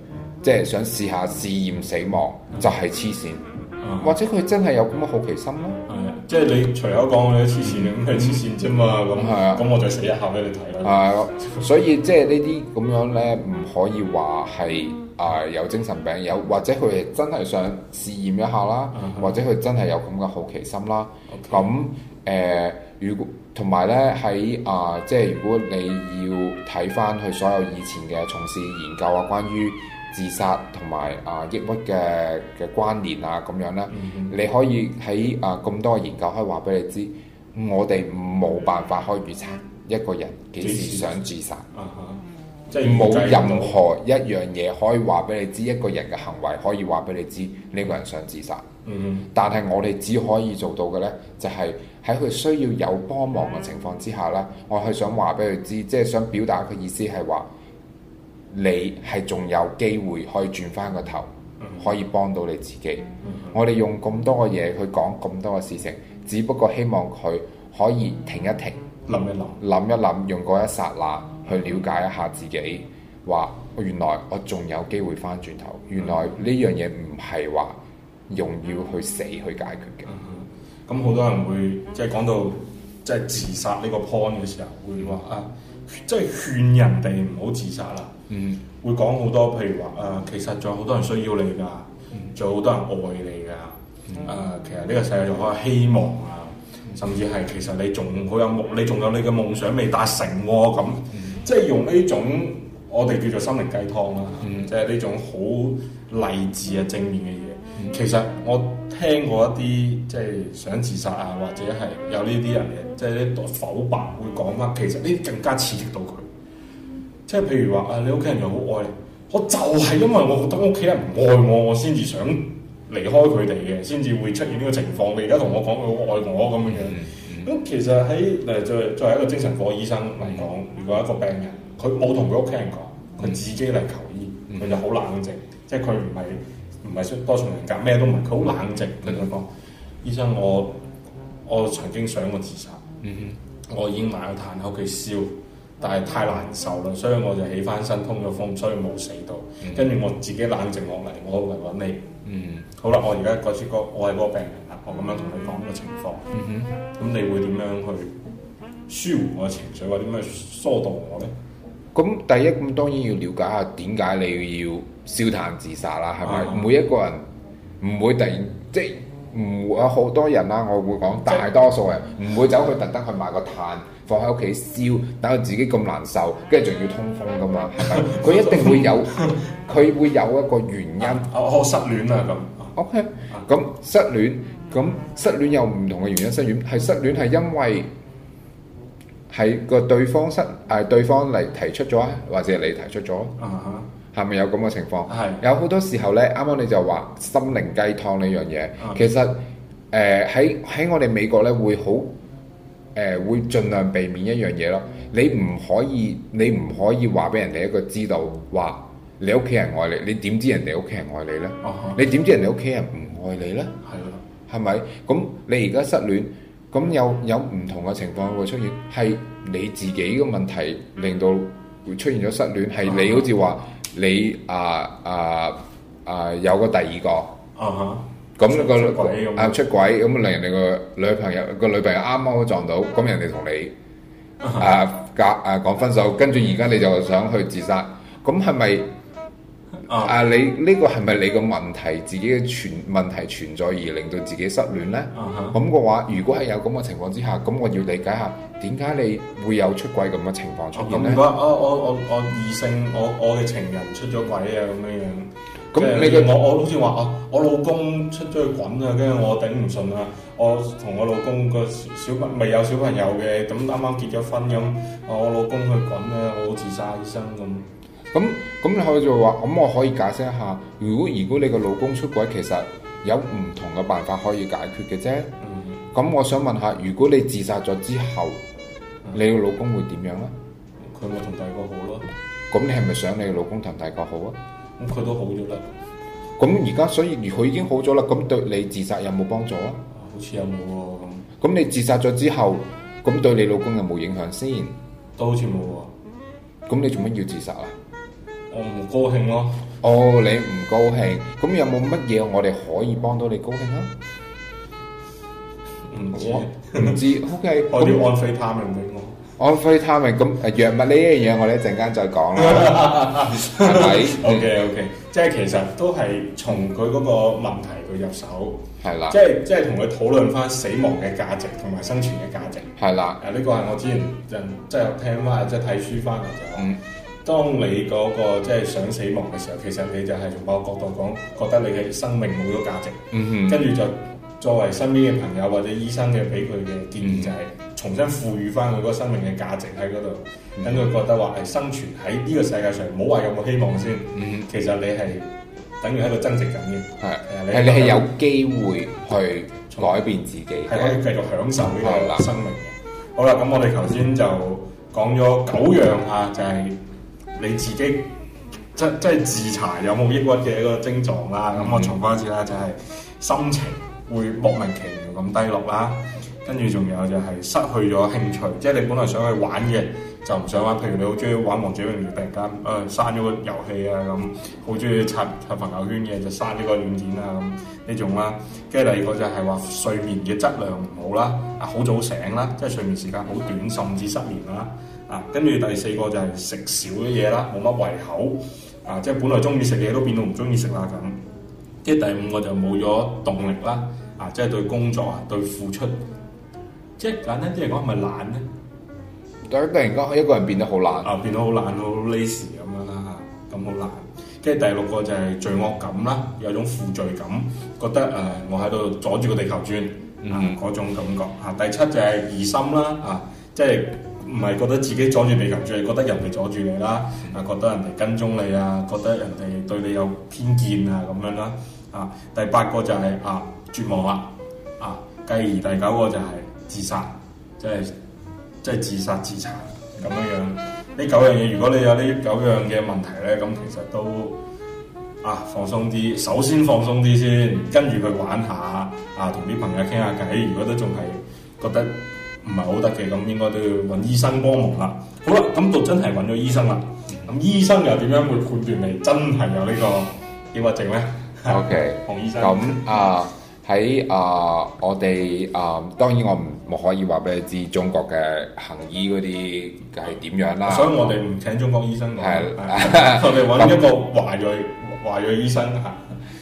即係想試下試驗死亡就係黐線，嗯、或者佢真係有咁嘅好奇心囉。嗯嗯。即係你除咗講你啲黐線，咁係黐線啫嘛，咁係啊。咁我就試一下俾你睇啦。係、啊，所以即係呢啲咁樣咧，唔可以話係啊有精神病，有或者佢係真係想試驗一下啦，嗯、或者佢真係有咁嘅好奇心啦。咁誒、嗯呃，如果同埋咧喺啊，即係如果你要睇翻佢所有以前嘅從事研究啊，關於自殺同埋啊抑鬱嘅嘅關聯啊咁樣咧，嗯、哼你可以喺啊咁多研究可以話俾你知，嗯、哼我哋冇辦法可以預測一個人幾時想自殺，冇、嗯嗯、任何一樣嘢可以話俾你知一個人嘅行為可以話俾你知呢個，個人想自殺。嗯、哼但係我哋只可以做到嘅呢，就係喺佢需要有幫忙嘅情況之下呢，嗯、哼我係想話俾佢知，即、就、係、是、想表達嘅意思係話。你係仲有機會可以轉翻個頭，可以幫到你自己。 我哋用咁多嘅嘢去講咁多嘅事情，只不過希望佢可以停一停，諗一諗，諗一諗，用嗰一剎那去了解一下自己，話、哦、原來我仲有機會翻轉頭，原來呢 樣嘢唔係話用要去死去解決嘅。咁好 、嗯嗯嗯嗯嗯嗯嗯、多人會即係講到即係自殺呢個 point 嘅時候，會話啊，即係勸人哋唔好自殺啦、啊。嗯，會講好多，譬如話誒、啊，其實仲有好多人需要你㗎，仲、嗯、有好多人愛你㗎。誒、嗯啊，其實呢個世界仲好有希望啊，嗯、甚至係其實你仲好有夢、嗯，你仲有你嘅夢想未達成喎、啊。咁，嗯、即係用呢種我哋叫做心靈雞湯啦，即係呢種好勵志啊正面嘅嘢。嗯、其實我聽過一啲即係想自殺啊，或者係有呢啲人嘅，即係呢度「否白會講乜，其實呢啲更加刺激到佢。即係譬如話啊，你屋企人又好愛你，我就係因為我覺得屋企人唔愛我，我先至想離開佢哋嘅，先至會出現呢個情況。你而家同我講佢好愛我咁樣樣咁，嗯嗯、其實喺誒作作為一個精神科醫生嚟講，嗯、如果一個病人佢冇同佢屋企人講，佢自己嚟求醫，佢、嗯、就好冷靜，即係佢唔係唔係多重人格咩都唔係，佢好冷靜。佢同我講，醫生我我曾經想過自殺，嗯、我已經買咗炭喺屋企但係太難受啦，所以我就起翻身通咗風，所以冇死到。跟住我自己冷靜落嚟，我嚟揾你。嗯，好啦，我而家嗰次個我係嗰個病人啦，我咁樣同你講個情況。嗯、哼，咁你會點樣去舒緩我嘅情緒，或者點樣去疏導我呢？咁、嗯、第一，咁當然要了解下點解你要燒炭自殺啦，係咪？嗯、每一個人唔會突然即係唔會，好多人啦，我會講即大多數人唔會走去特登去買個炭。是放喺屋企燒，等佢自己咁難受，跟住仲要通風㗎嘛？係咪？佢一定會有，佢會有一個原因。哦，失戀啦咁。OK，咁失戀，咁失戀有唔同嘅原因。失戀係失戀係因為係個對方失，誒對方嚟提出咗，或者係你提出咗。啊哈，係咪有咁嘅情況？係。有好多時候咧，啱啱你就話心靈雞湯呢樣嘢，其實誒喺喺我哋美國咧會好。誒會盡量避免一樣嘢咯，你唔可以，你唔可以話俾人哋一個知道，話你屋企人愛你，你點知人哋屋企人愛你呢？Uh huh. 你點知人哋屋企人唔愛你呢？係咪、uh？咁、huh. 你而家失戀，咁有有唔同嘅情況會出現，係你自己嘅問題令到會出現咗失戀，係你好似話你、uh huh. 啊啊啊有個第二個。Uh huh. 咁個啊出軌，咁令人哋個女朋友個女朋友啱啱都撞到，咁人哋同你啊隔啊講分手，跟住而家你就想去自殺，咁係咪啊？你呢個係咪你個問題，自己嘅存問題存在而令到自己失戀咧？咁嘅話，如果係有咁嘅情況之下，咁我要理解下點解你會有出軌咁嘅情況出現咧？我我我我異性，我我嘅情人出咗軌啊咁樣樣。你係我我好似話哦，我老公出咗去滾啊，跟住我頂唔順啦。我同我老公個小朋未有小朋友嘅，咁啱啱結咗婚咁，我老公去滾咧，我好自殺起身咁。咁咁，你可以就話咁，我，我可以解釋一下。如果如果你個老公出軌，其實有唔同嘅辦法可以解決嘅啫。咁、嗯、我想問下，如果你自殺咗之後，啊、你嘅老公會點樣咧？佢會同第二個好咯。咁你係咪想你嘅老公同第二個好啊？咁佢都好咗啦。咁而家所以佢已經好咗啦。咁對你自殺有冇幫助有有啊？好似有冇咁。咁你自殺咗之後，咁對你老公有冇影響先？都好似冇喎。咁你做乜要自殺啊？我唔高興咯、啊。哦，oh, 你唔高興，咁有冇乜嘢我哋可以幫到你高興啊？唔知唔知 ，OK 我我。我要安非他命喎。安非、哦、他命咁，誒藥物呢一樣嘢，我哋一陣間再講啦，係咪 ？OK OK，即係其實都係從佢嗰個問題去入手，係啦。即係即係同佢討論翻死亡嘅價值同埋生存嘅價值，係啦。誒呢、啊這個係我之前即係聽翻，即係睇書翻嚟就。候，嗯、當你嗰、那個即係想死亡嘅時候，其實你就係從某個角度講，覺得你嘅生命冇咗價值，嗯哼，跟住就。作為身邊嘅朋友或者醫生嘅，俾佢嘅建議就係重新賦予翻佢個生命嘅價值喺嗰度，等佢、嗯、覺得話係生存喺呢個世界上，唔好話有冇希望先。嗯、其實你係等於喺度增值緊嘅，係是你係有機會去改變自己，係可以繼續享受呢個生命嘅，嗯。好啦，咁我哋頭先就講咗九樣啊，就係、是、你自己即即自查有冇抑鬱嘅一個症狀啦。咁我重翻一次啦，就係、是、心情。嗯會莫名其妙咁低落啦，跟住仲有就係失去咗興趣，即係你本來想去玩嘅就唔想玩，譬如你好中意玩王者榮耀，突然間誒刪咗個遊戲啊咁，好中意刷刷朋友圈嘅就刪咗個軟件啊咁呢種啦。跟住第二個就係話睡眠嘅質量唔好啦，啊好早醒啦，即係睡眠時間好短，甚至失眠啦。啊，跟住第四個就係食少啲嘢啦，冇乜胃口，啊即係本來中意食嘅嘢都變到唔中意食啦咁。即第五個就冇咗動力啦，啊，即係對工作啊，對付出，即簡單啲嚟講係咪懶咧？肯定佢一個人變得好懶啊，變到好懶好 lazy 咁樣啦嚇，咁好懶。跟住第六個就係罪惡感啦，有種負罪感，覺得誒、呃、我喺度阻住個地球轉，嗯，嗰種感覺嚇。第七就係疑心啦，啊，即係唔係覺得自己阻住地球轉，係覺得人哋阻住你啦，啊，覺得人哋、嗯、跟蹤你啊，覺得人哋對你有偏見啊咁樣啦。啊，第八個就係、是、啊絕望啦，啊，繼而第九個就係自殺，即係即係自殺自殘咁樣樣。呢九樣嘢，如果你有呢九樣嘅問題咧，咁其實都啊放鬆啲，首先放鬆啲先，跟住佢玩下，啊，同啲朋友傾下偈。如果都仲係覺得唔係好得嘅，咁應該都要揾醫生幫忙啦。好啦，咁到真係揾咗醫生啦。咁醫生又點樣會判斷你真係有呢、這個抑鬱症咧？O K，咁啊喺啊我哋啊，當然我唔可以話俾你知中國嘅行醫嗰啲係點樣啦。所以我哋唔請中國醫生嘅，是的 我哋揾一個華裔華裔醫生嚇。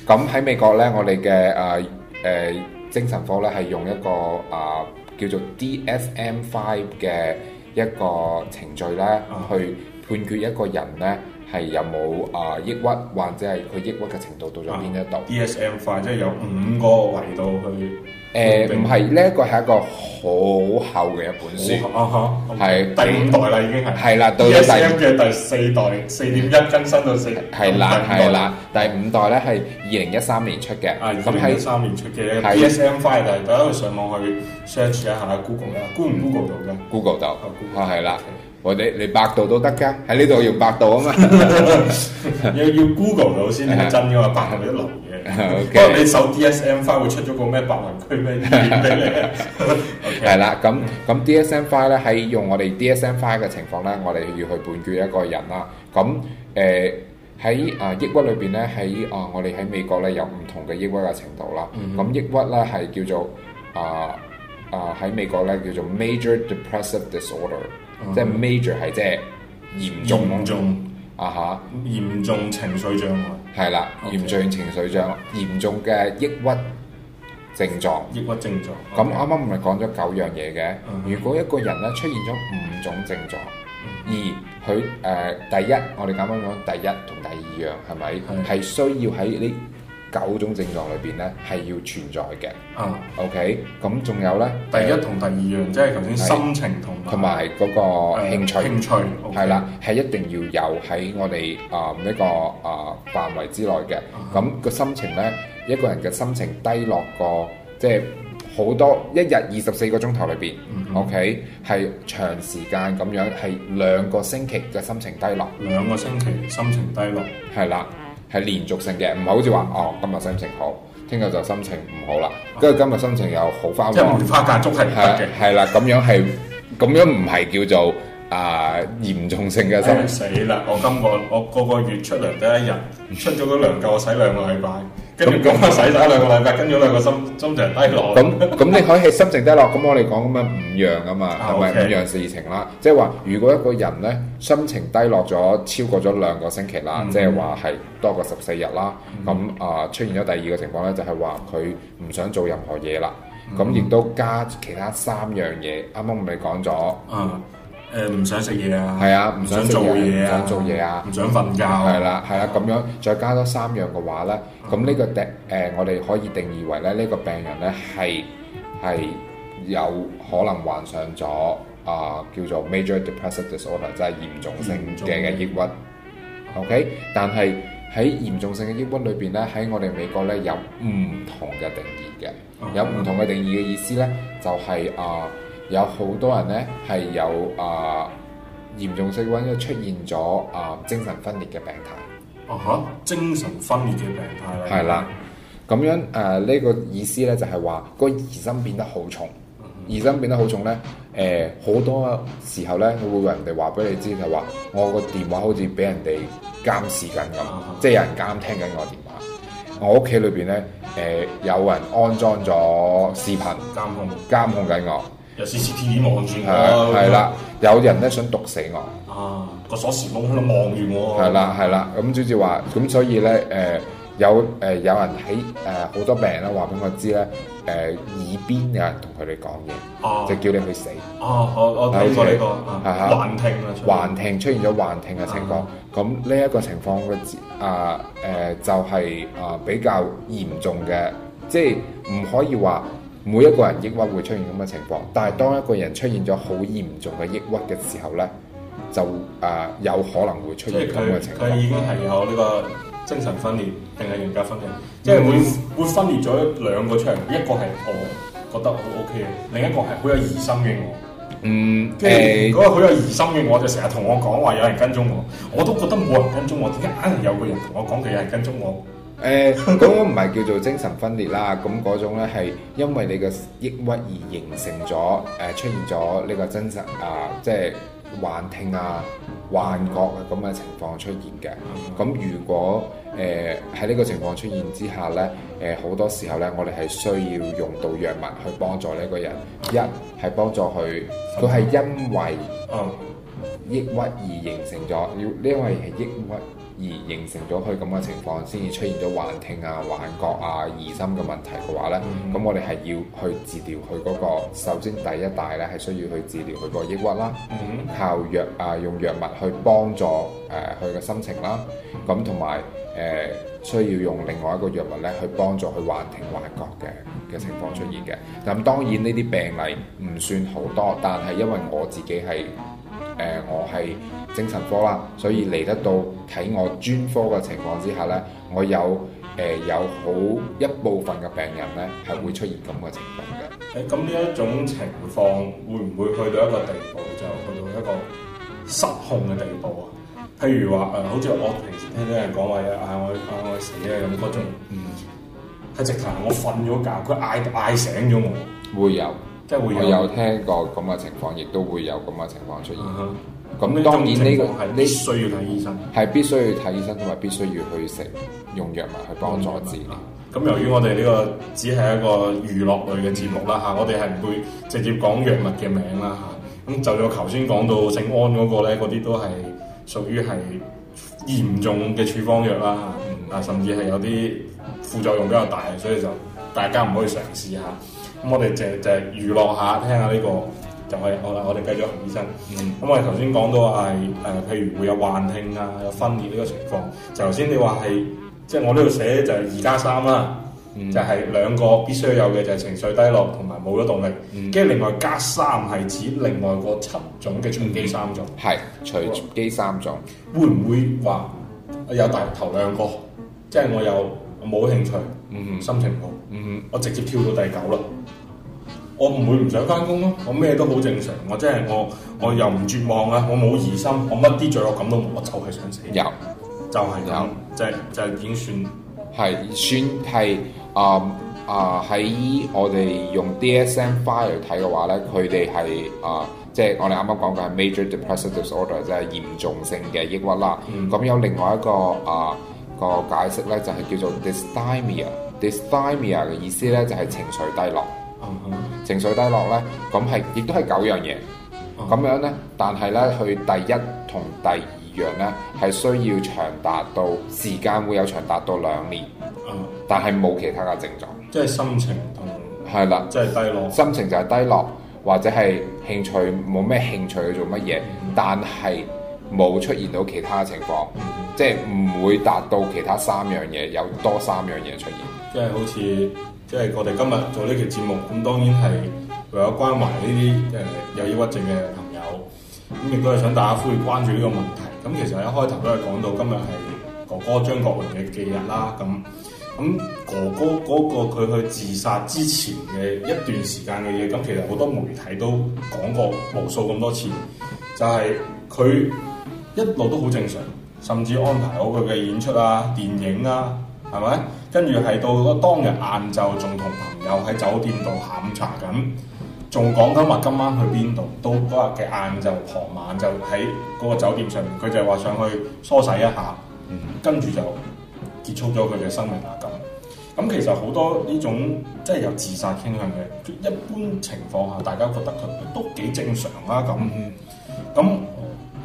咁喺美國咧，我哋嘅誒誒精神科咧係用一個啊、呃、叫做 DSM Five 嘅一個程序咧、啊、去判決一個人咧。係有冇啊抑鬱，或者係佢抑鬱嘅程度到咗邊一度？DSM Five 即係有五個維度去誒，唔係呢一個係一個好厚嘅一本書，係第五代啦已經係。係啦，DSM 嘅第四代四點一更新到四點啦係啦，第五代咧係二零一三年出嘅。啊，二零一三年出嘅。係 DSM Five，但係大家去上網去 search 一下 Google 啦，Google 到嘅？Google 到啊，係啦。你百度都得噶，喺呢度用百度啊嘛。 要，要要 Google 到先係真噶嘛，百行一流嘅。你手 D S M five 會出咗個咩百萬區咩？係啦，咁咁 D S M five 咧喺用我哋 D S M five 嘅情況咧，我哋要去判斷一個人啦。咁誒喺啊抑鬱裏邊咧，喺啊、呃、我哋喺美國咧有唔同嘅抑鬱嘅程度啦。咁、mm hmm. 抑鬱咧係叫做啊。呃啊喺美國咧叫做 major depressive disorder，即係 major 係，即係嚴重嚴重，啊嚇嚴重情緒障礙，係啦，嚴重情緒障嚴重嘅抑鬱症狀，抑鬱症狀。咁啱啱唔係講咗九樣嘢嘅，如果一個人咧出現咗五種症狀，而佢誒，第一我哋啱啱講第一同第二樣係咪係需要喺呢？九種症狀裏邊咧，係要存在嘅。啊，OK，咁仲有咧？第一同第二樣，即係頭先心情同同埋嗰個興趣，興趣，係啦，係一定要有喺我哋啊呢個啊範圍之內嘅。咁個心情咧，一個人嘅心情低落過，即係好多一日二十四個鐘頭裏邊，OK，係長時間咁樣，係兩個星期嘅心情低落，兩個星期心情低落，係啦。係連續性嘅，唔係好似話哦，今日心情好，聽日就心情唔好啦，跟住、啊、今日心情又好翻，即係梅花間竹係唔係啦，咁、啊、樣係，咁樣唔係叫做啊、呃、嚴重性嘅，我、哎、死啦！我今個我個個月出糧得一日，出咗個糧夠我使兩個禮拜。咁咁啊，使晒兩個禮拜，跟咗兩個心心情低落。咁咁，你可以係心情低落。咁我哋講咁樣五樣啊嘛，係咪五樣事情啦？Okay. 即係話，如果一個人咧心情低落咗超過咗兩個星期啦，mm hmm. 即係話係多過十四日啦。咁啊、mm hmm. 呃，出現咗第二個情況咧，就係話佢唔想做任何嘢啦。咁亦、mm hmm. 都加其他三樣嘢。啱啱我哋講咗。Mm hmm. 誒唔、呃、想食嘢啊！係啊，唔想，啊想，啊、想做嘢啊，唔想做嘢啊，唔想瞓覺。係啦、嗯，係啦、啊，咁、啊嗯、樣再加多三樣嘅話咧，咁呢、嗯這個定、呃、我哋可以定義為咧，呢、呢個病人咧係係有可能患上咗啊、呃、叫做 major depressive disorder，即係嚴重性嘅抑鬱。OK，但係喺嚴重性嘅抑鬱裏邊咧，喺我哋美國咧有唔同嘅定義嘅，有唔同嘅定義嘅、嗯、意思咧，就係、是、啊。呃有好多人咧係有啊、呃、嚴重性温，佢出現咗啊精神分裂嘅病態。啊、呃、嚇！精神分裂嘅病態啦。係啦、啊，咁樣誒呢、呃這個意思咧就係、是、話、那個疑心變得好重，嗯、疑心變得好重咧誒好多時候咧會有人哋話俾你知就話、是、我個電話好似俾人哋監視緊咁，啊、即係有人監聽緊我電話。我屋企裏邊咧誒、呃、有人安裝咗視頻監控，監控緊我。有次次天天望住我，係啦，有人咧想毒死我。啊，個鎖匙孔喺度望住我。係啦，係啦，咁即係話，咁所以咧，誒有誒有人喺誒好多病咧，話俾我知咧，誒耳邊有人同佢哋講嘢，就叫你去死。哦、啊，我我睇像、啊、過呢、這個，幻聽啊，出現幻聽，出現咗幻聽嘅情況。咁呢一個情況嘅啊誒，就係啊比較嚴重嘅，即係唔可以話。每一個人抑鬱會出現咁嘅情況，但係當一個人出現咗好嚴重嘅抑鬱嘅時候咧，就誒、呃、有可能會出現咁嘅情況。佢已經係有呢個精神分裂定係人格分裂，即係會、嗯、會分裂咗兩個出嚟，一個係我覺得好 OK 嘅，另一個係好有疑心嘅我。嗯，誒嗰個好有疑心嘅我就成日同我講話有人跟蹤我，我都覺得冇人跟蹤我，點解硬係有個人同我講佢有人跟蹤我？誒嗰種唔係叫做精神分裂啦，咁嗰種咧係因為你個抑鬱而形成咗，誒、呃、出現咗呢個精神啊，即係幻聽啊、幻覺啊咁嘅情況出現嘅。咁如果誒喺呢個情況出現之下咧，誒、呃、好多時候咧，我哋係需要用到藥物去幫助呢個人，一係幫助佢，佢係因為、嗯、抑鬱而形成咗，要因為係抑鬱。而形成咗佢咁嘅情況，先至出現咗幻聽啊、幻覺啊、疑心嘅問題嘅話呢。咁、mm hmm. 我哋係要去治療佢嗰個，首先第一大呢係需要去治療佢個抑鬱啦，mm hmm. 靠藥啊用藥物去幫助誒佢嘅心情啦，咁同埋誒需要用另外一個藥物呢去幫助佢幻聽幻覺嘅嘅情況出現嘅。咁當然呢啲病例唔算好多，但係因為我自己係。誒，我係精神科啦，所以嚟得到睇我專科嘅情況之下咧，我有誒、呃、有好一部分嘅病人咧，係會出現咁嘅情況嘅。誒，咁呢一種情況會唔會去到一個地步，就去到一個失控嘅地步啊？譬如話誒，好似我平時聽到人講話，要嗌我嗌我死啊咁嗰種，係、嗯、直頭我瞓咗覺，佢嗌嗌醒咗我，會有。即會有我有聽過咁嘅情況，亦都會有咁嘅情況出現。咁、嗯、當然呢個，你需要睇醫生，係你必須要睇醫生，同埋必須要去食用藥物去幫助治療。咁由於我哋呢個只係一個娛樂類嘅節目啦，嚇，我哋係唔會直接講藥物嘅名啦，嚇、那個。咁就咗頭先講到聖安嗰個咧，嗰啲都係屬於係嚴重嘅處方藥啦，啊，甚至係有啲副作用比較大，所以就大家唔可以嘗試下。咁我哋就就係娛樂下，聽下呢、這個就好、是、我我哋繼續熊醫生。咁、嗯嗯、我哋頭先講到係誒，譬、呃、如會有幻聽啊、有分裂呢個情況。就頭先你話係，即係我呢度寫就係二加三啦，啊嗯、就係兩個必須要有嘅就係情緒低落同埋冇咗動力，跟住、嗯、另外加三係指另外個七種嘅隨機，機三種。係隨機三種。會唔會話有頭兩個？即係我有。冇興趣，嗯、mm hmm. 心情唔好，嗯、mm hmm. 我直接跳到第九啦。我唔會唔想翻工咯，我咩都好正常，我真係我，我又唔絕望啊，我冇疑心，我乜啲罪惡感都冇。我就係想死，有就係有。就係即係已經算係算係啊啊！喺、呃呃、我哋用 DSM Five 嚟睇嘅話咧，佢哋係啊，即、呃、係、就是、我哋啱啱講嘅係 major depressive disorder，即係嚴重性嘅抑鬱啦。咁、嗯、有另外一個啊。呃個解釋咧就係、是、叫做 dysthymia dysthymia 嘅意思咧就係、是、情緒低落。Uh huh. 情緒低落呢，咁係亦都係九樣嘢。咁、uh huh. 樣呢，但係呢，佢第一同第二樣呢，係需要長達到時間會有長達到兩年。Uh huh. 但係冇其他嘅症狀。即係心情同係啦，嗯、了即係低落。心情就係低落，或者係興趣冇咩興趣去做乜嘢，uh huh. 但係。冇出現到其他情況，即係唔會達到其他三樣嘢，有多三樣嘢出現。即係好似，即係我哋今日做呢期節目，咁當然係為咗關懷呢啲誒有抑鬱症嘅朋友，咁亦都係想大家呼籲關注呢個問題。咁其實一開頭都係講到今日係哥哥張國榮嘅忌日啦，咁咁哥哥嗰個佢去自殺之前嘅一段時間嘅嘢，咁其實好多媒體都講過無數咁多次，就係佢。一路都好正常，甚至安排好佢嘅演出啊、電影啊，係咪？跟住係到咗當日晏晝，仲同朋友喺酒店度下午茶緊，仲講緊話今晚去邊度。到嗰日嘅晏晝傍晚，就喺嗰個酒店上面，佢就話想去梳洗一下，跟住就結束咗佢嘅生命啊咁。咁、嗯、其實好多呢種即係有自殺傾向嘅，一般情況下大家覺得佢都幾正常啦、啊、咁，咁。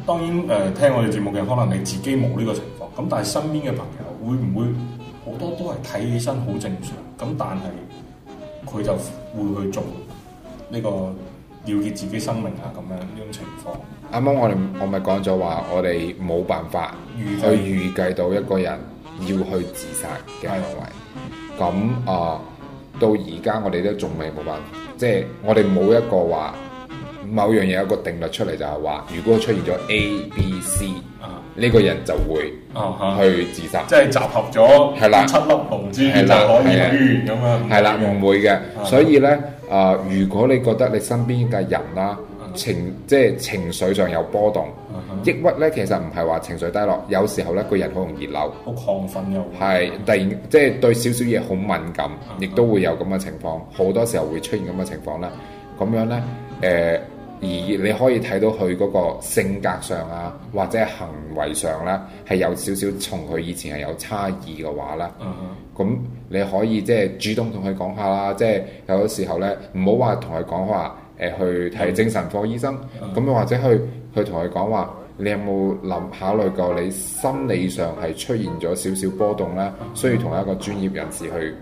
當然誒、呃，聽我哋節目嘅可能你自己冇呢個情況，咁但係身邊嘅朋友會唔會好多都係睇起身好正常，咁但係佢就會去做呢、這個了結自己生命啊咁樣呢種情況。啱啱我哋我咪講咗話，我哋冇辦法去預計到一個人要去自殺嘅行為。咁啊的、呃，到而家我哋都仲未冇辦法，即係我哋冇一個話。某樣嘢有個定律出嚟就係話，如果出現咗 A、B、C 呢個人就會去自殺，即係集合咗七粒龍珠就可以咁樣，係啦，唔會嘅。所以呢，啊，如果你覺得你身邊嘅人啦，情即係情緒上有波動、抑鬱呢，其實唔係話情緒低落，有時候呢個人好容易流，好亢奮又係突然即係對少少嘢好敏感，亦都會有咁嘅情況。好多時候會出現咁嘅情況咧，咁樣呢。誒。而你可以睇到佢嗰個性格上啊，或者行為上咧，係有少少從佢以前係有差異嘅話咧，咁、嗯、哼你可以即係主動同佢講下啦。即係有時候咧，唔好話同佢講話誒去睇精神科醫生，咁又、嗯、哼或者去去同佢講話，你有冇諗考慮過你心理上係出現咗少少波動咧，需要同一個專業人士去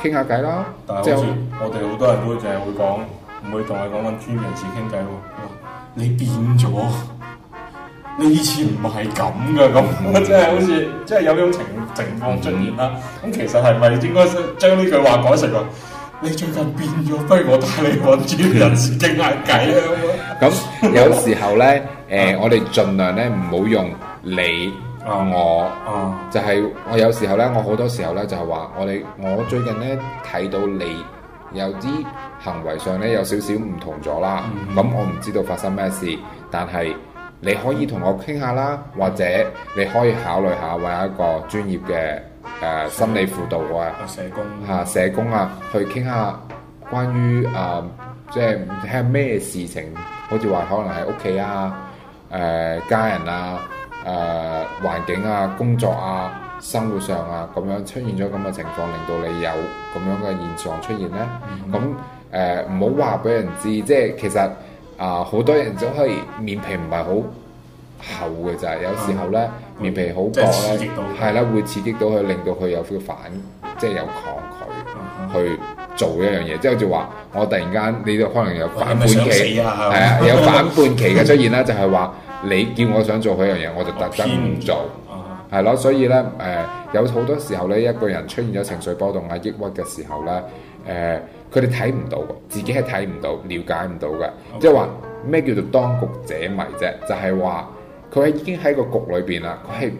傾下偈啦。但係好似我哋好多人都淨係會講、嗯哼。會唔會同你講揾專業人士傾偈喎。你變咗，你以前唔係咁噶，咁即係好似即係有種情情況出現啦。咁、嗯、其實係咪應該將呢句話改成話，你最近變咗，不如我帶你揾專業人士傾下偈咁。咁、嗯、 有時候咧，誒、呃， 我哋盡量咧唔好用你、啊「我」，啊、就係、是、我有時候咧，我好多時候咧就係話我哋，我最近咧睇到你有啲。行為上咧有少少唔同咗啦，咁、mm hmm. 我唔知道發生咩事，但係你可以同我傾下啦，或者你可以考慮下揾一個專業嘅誒、呃、心理輔導啊，社工嚇社工啊，去傾下關於誒、呃、即係睇下咩事情，好似話可能係屋企啊、誒、呃、家人啊、誒、呃、環境啊、工作啊、生活上啊咁樣出現咗咁嘅情況，令到你有咁樣嘅現象出現呢。咁、mm。Hmm. 誒唔好話俾人知，即係其實啊，好多人都可以，面皮唔係好厚嘅就係有時候咧，面皮好薄咧，係啦，會刺激到佢，令到佢有反，即係有抗拒去做一樣嘢。即係好似話我突然間，你度可能有反叛期，係啊，有反叛期嘅出現啦，就係話你叫我想做嗰樣嘢，我就特登唔做，係咯。所以咧，誒有好多時候咧，一個人出現咗情緒波動啊、抑鬱嘅時候咧，誒。佢哋睇唔到，自己係睇唔到、了解唔到嘅，即係話咩叫做當局者迷啫？就係話佢係已經喺個局裏邊啦，佢係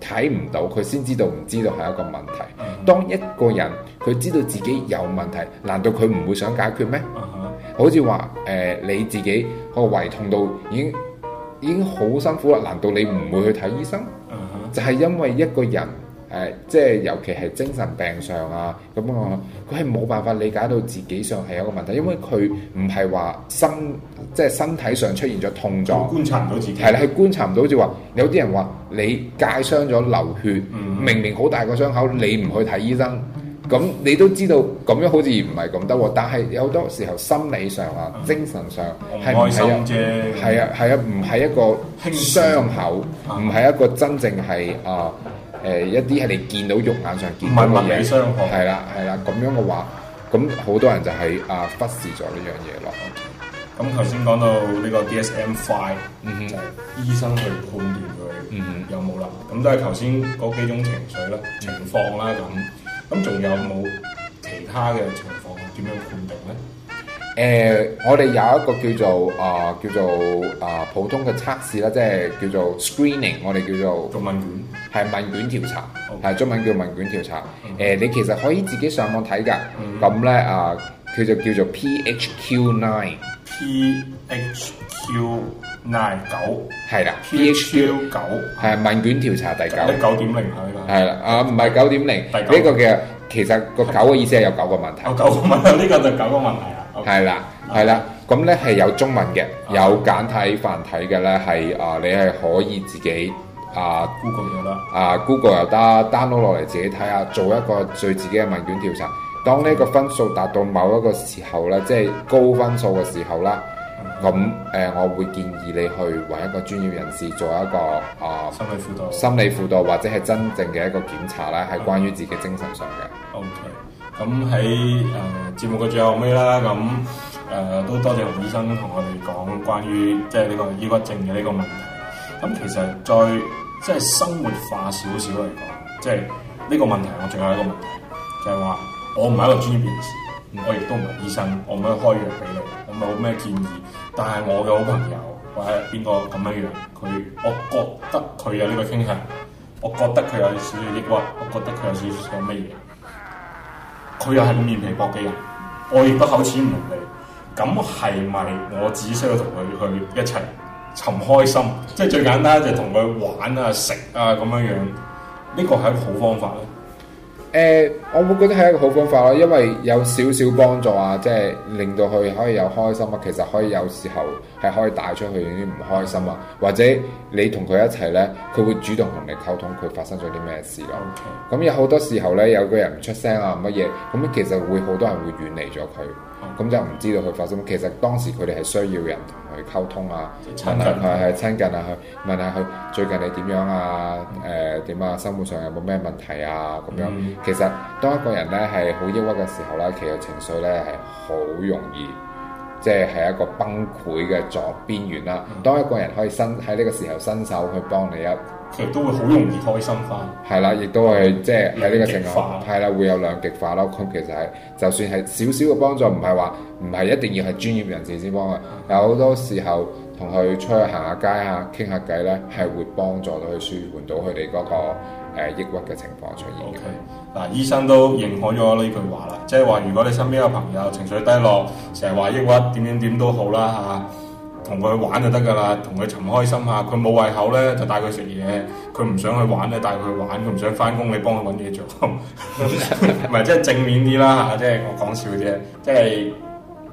睇唔到，佢先知道唔知道係一個問題。Uh huh. 當一個人佢知道自己有問題，難道佢唔會想解決咩？Uh huh. 好似話誒你自己個胃痛到已經已經好辛苦啦，難道你唔會去睇醫生？Uh huh. 就係因為一個人。誒，即係尤其係精神病上啊，咁、嗯、啊，佢係冇辦法理解到自己上係有一個問題，因為佢唔係話身，即係身體上出現咗痛狀，觀察唔到自己，係啦，係觀察唔到，好似話有啲人話你界傷咗流血，嗯、明明好大個傷口，你唔去睇醫生，咁、嗯、你都知道咁樣好似唔係咁得喎。但係有好多時候心理上啊，嗯、精神上，係唔係啫？係啊，係啊、嗯，唔係一個傷口，唔係一個真正係啊。 誒、呃、一啲係你見到肉眼上見到唔係物理傷害，係啦係啦咁樣嘅話，咁好多人就係啊忽視咗呢樣嘢咯。咁頭先講到呢個 DSM Five、嗯、哼就係醫生去判斷佢、嗯、哼有冇啦。咁都係頭先嗰幾種情緒啦、情況啦咁，咁仲有冇其他嘅情況點樣判定咧？誒，我哋有一個叫做啊，叫做啊，普通嘅測試啦，即係叫做 screening，我哋叫做做問卷，係問卷調查，係中文叫問卷調查。誒，你其實可以自己上網睇噶。咁咧啊，佢就叫做 PHQ nine，PHQ nine 九係啦，PHQ 九係問卷調查第九，九點零係啦，啊唔係九點零，第九，呢個其實其實個九嘅意思係有九個問題，九個問題呢個就九個問題。係啦，係啦，咁呢係有中文嘅，有簡體繁體嘅，呢係啊，你係可以自己啊、呃、Google 又得、呃，啊 Google 又得，download 落嚟自己睇下，做一個最自己嘅問卷調查。當呢個分數達到某一個時候呢，即係高分數嘅時候啦，咁誒、呃，我會建議你去揾一個專業人士做一個啊、呃、心理輔導，心理輔導或者係真正嘅一個檢查咧，係關於自己精神上嘅。O K。咁喺誒節目嘅最後尾啦，咁誒都多謝熊醫生同我哋講關於即係呢、這個抑鬱症嘅呢個問題。咁、嗯、其實再即係生活化少少嚟講，即係呢、這個問題，我仲有一個問題，就係、是、話我唔係一個專業人士，我亦都唔係醫生，我唔可以開藥俾你，我冇咩建議。但係我嘅好朋友或者邊個咁樣樣，佢我覺得佢有呢個傾向，我覺得佢有少少抑鬱，我覺得佢有少有少乜嘢。佢又係個面皮薄嘅人，我亦都口齒唔你。咁係咪我只需要同佢去一齊尋開心？即係最簡單就同佢玩啊、食啊咁樣樣，呢、這個係好方法咧？誒、欸，我會覺得係一個好方法咯，因為有少少幫助啊，即係令到佢可以有開心啊。其實可以有時候係可以帶出去啲唔開心啊，或者你同佢一齊呢，佢會主動同你溝通，佢發生咗啲咩事咯、啊。咁、嗯、有好多時候呢，有個人唔出聲啊，乜嘢咁，其實會好多人會遠離咗佢，咁、嗯、就唔知道佢發生。其實當時佢哋係需要人。去溝通啊，問親近佢係親近下佢，問下佢最近你點樣啊？誒點啊？生活上有冇咩問題啊？咁樣、嗯、其實當一個人呢係好抑鬱嘅時候呢，其實情緒呢係好容易。即係一個崩潰嘅左邊緣啦。當一個人可以伸喺呢個時候伸手去幫你啊，其實都會好容易開心返。係啦，亦都係即係喺呢個情況，係啦會有兩極化咯。咁其實係，就算係少少嘅幫助，唔係話唔係一定要係專業人士先幫佢。有好多時候同佢出去行下街啊，傾下偈呢，係會幫助到佢舒緩到佢哋嗰個、呃、抑鬱嘅情況出現嘅。Okay. 嗱、啊，醫生都認可咗呢句話啦，即係話如果你身邊嘅朋友情緒低落，成日話抑鬱，點點點都好啦嚇，同、啊、佢玩就得噶啦，同佢尋開心下，佢冇胃口咧，就帶佢食嘢；佢唔想去玩咧，帶佢去玩；佢唔想翻工，你幫佢揾嘢做。唔 即係正面啲啦嚇、啊，即係我講笑嘅啫，即係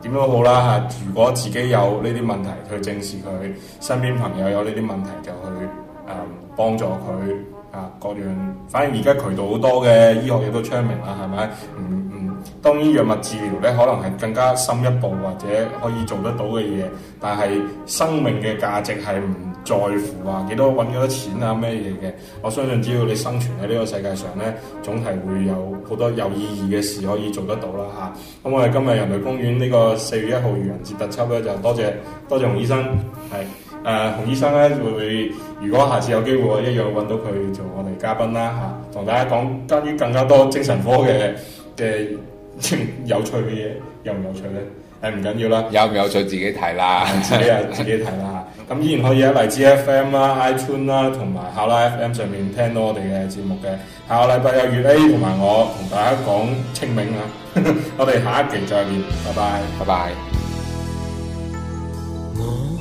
點都好啦嚇、啊。如果自己有呢啲問題，去正視佢；身邊朋友有呢啲問題，就去誒、嗯、幫助佢。啊，各樣，反正而家渠道好多嘅醫學嘢都出名啦，係咪？嗯嗯，當然藥物治療咧，可能係更加深一步或者可以做得到嘅嘢，但係生命嘅價值係唔在乎啊，幾多揾幾多錢啊咩嘢嘅。我相信只要你生存喺呢個世界上咧，總係會有好多有意義嘅事可以做得到啦吓，咁、啊、我哋今日人類公園呢個四月一號愚人節特輯咧，就多謝多謝熊醫生，係。誒、呃，洪醫生咧會，會，如果下次有機會，我一樣揾到佢做我哋嘉賓啦嚇，同、啊、大家講關於更加多精神科嘅嘅 有趣嘅嘢，有唔有趣咧？誒、啊，唔緊要啦，有唔有趣自己睇啦，自己啊 自己睇啦嚇。咁依然可以喺荔枝 FM 啦、啊、iTunes 啦同埋考拉 FM 上面聽到我哋嘅節目嘅。下個禮拜有月 A 同埋我同大家講清明啊， 我哋下一期再見，拜拜，拜拜 Bye bye.。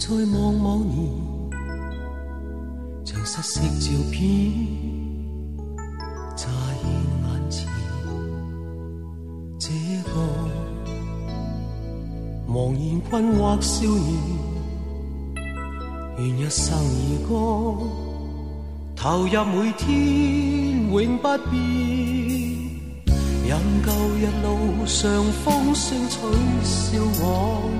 再望某年，像失色照片乍現眼前。這個茫然困惑少年，願一生以歌投入每天，永不變。任舊日路上風聲取笑我。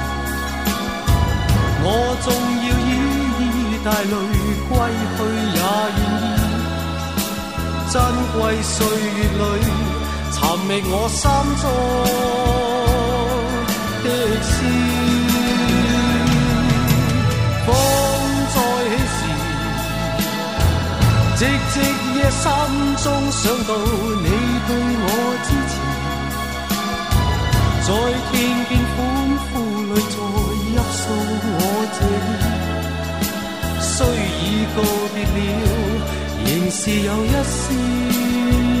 我縱要依依帶淚歸去也願意，珍貴歲月裏，尋覓我心中的詩。風再起時，寂寂夜深中想到你對我支持，在聽見苦苦淚。送我這，雖已告別了，仍是有一絲。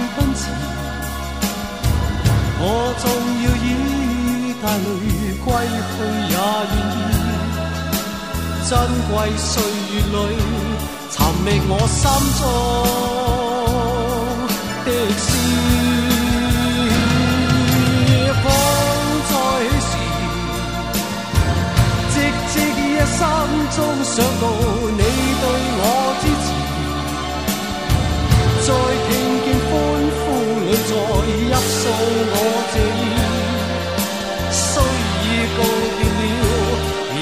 我縱要依依帶淚歸去也願意，珍貴歲月裏尋覓我心中的詩。 風再起時，寂寂夜深中想到你對我支持，在聽。一訴我謝意，雖已告別了，仍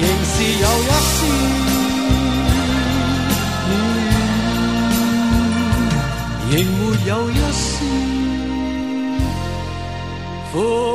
是有一絲暖，仍沒有一絲。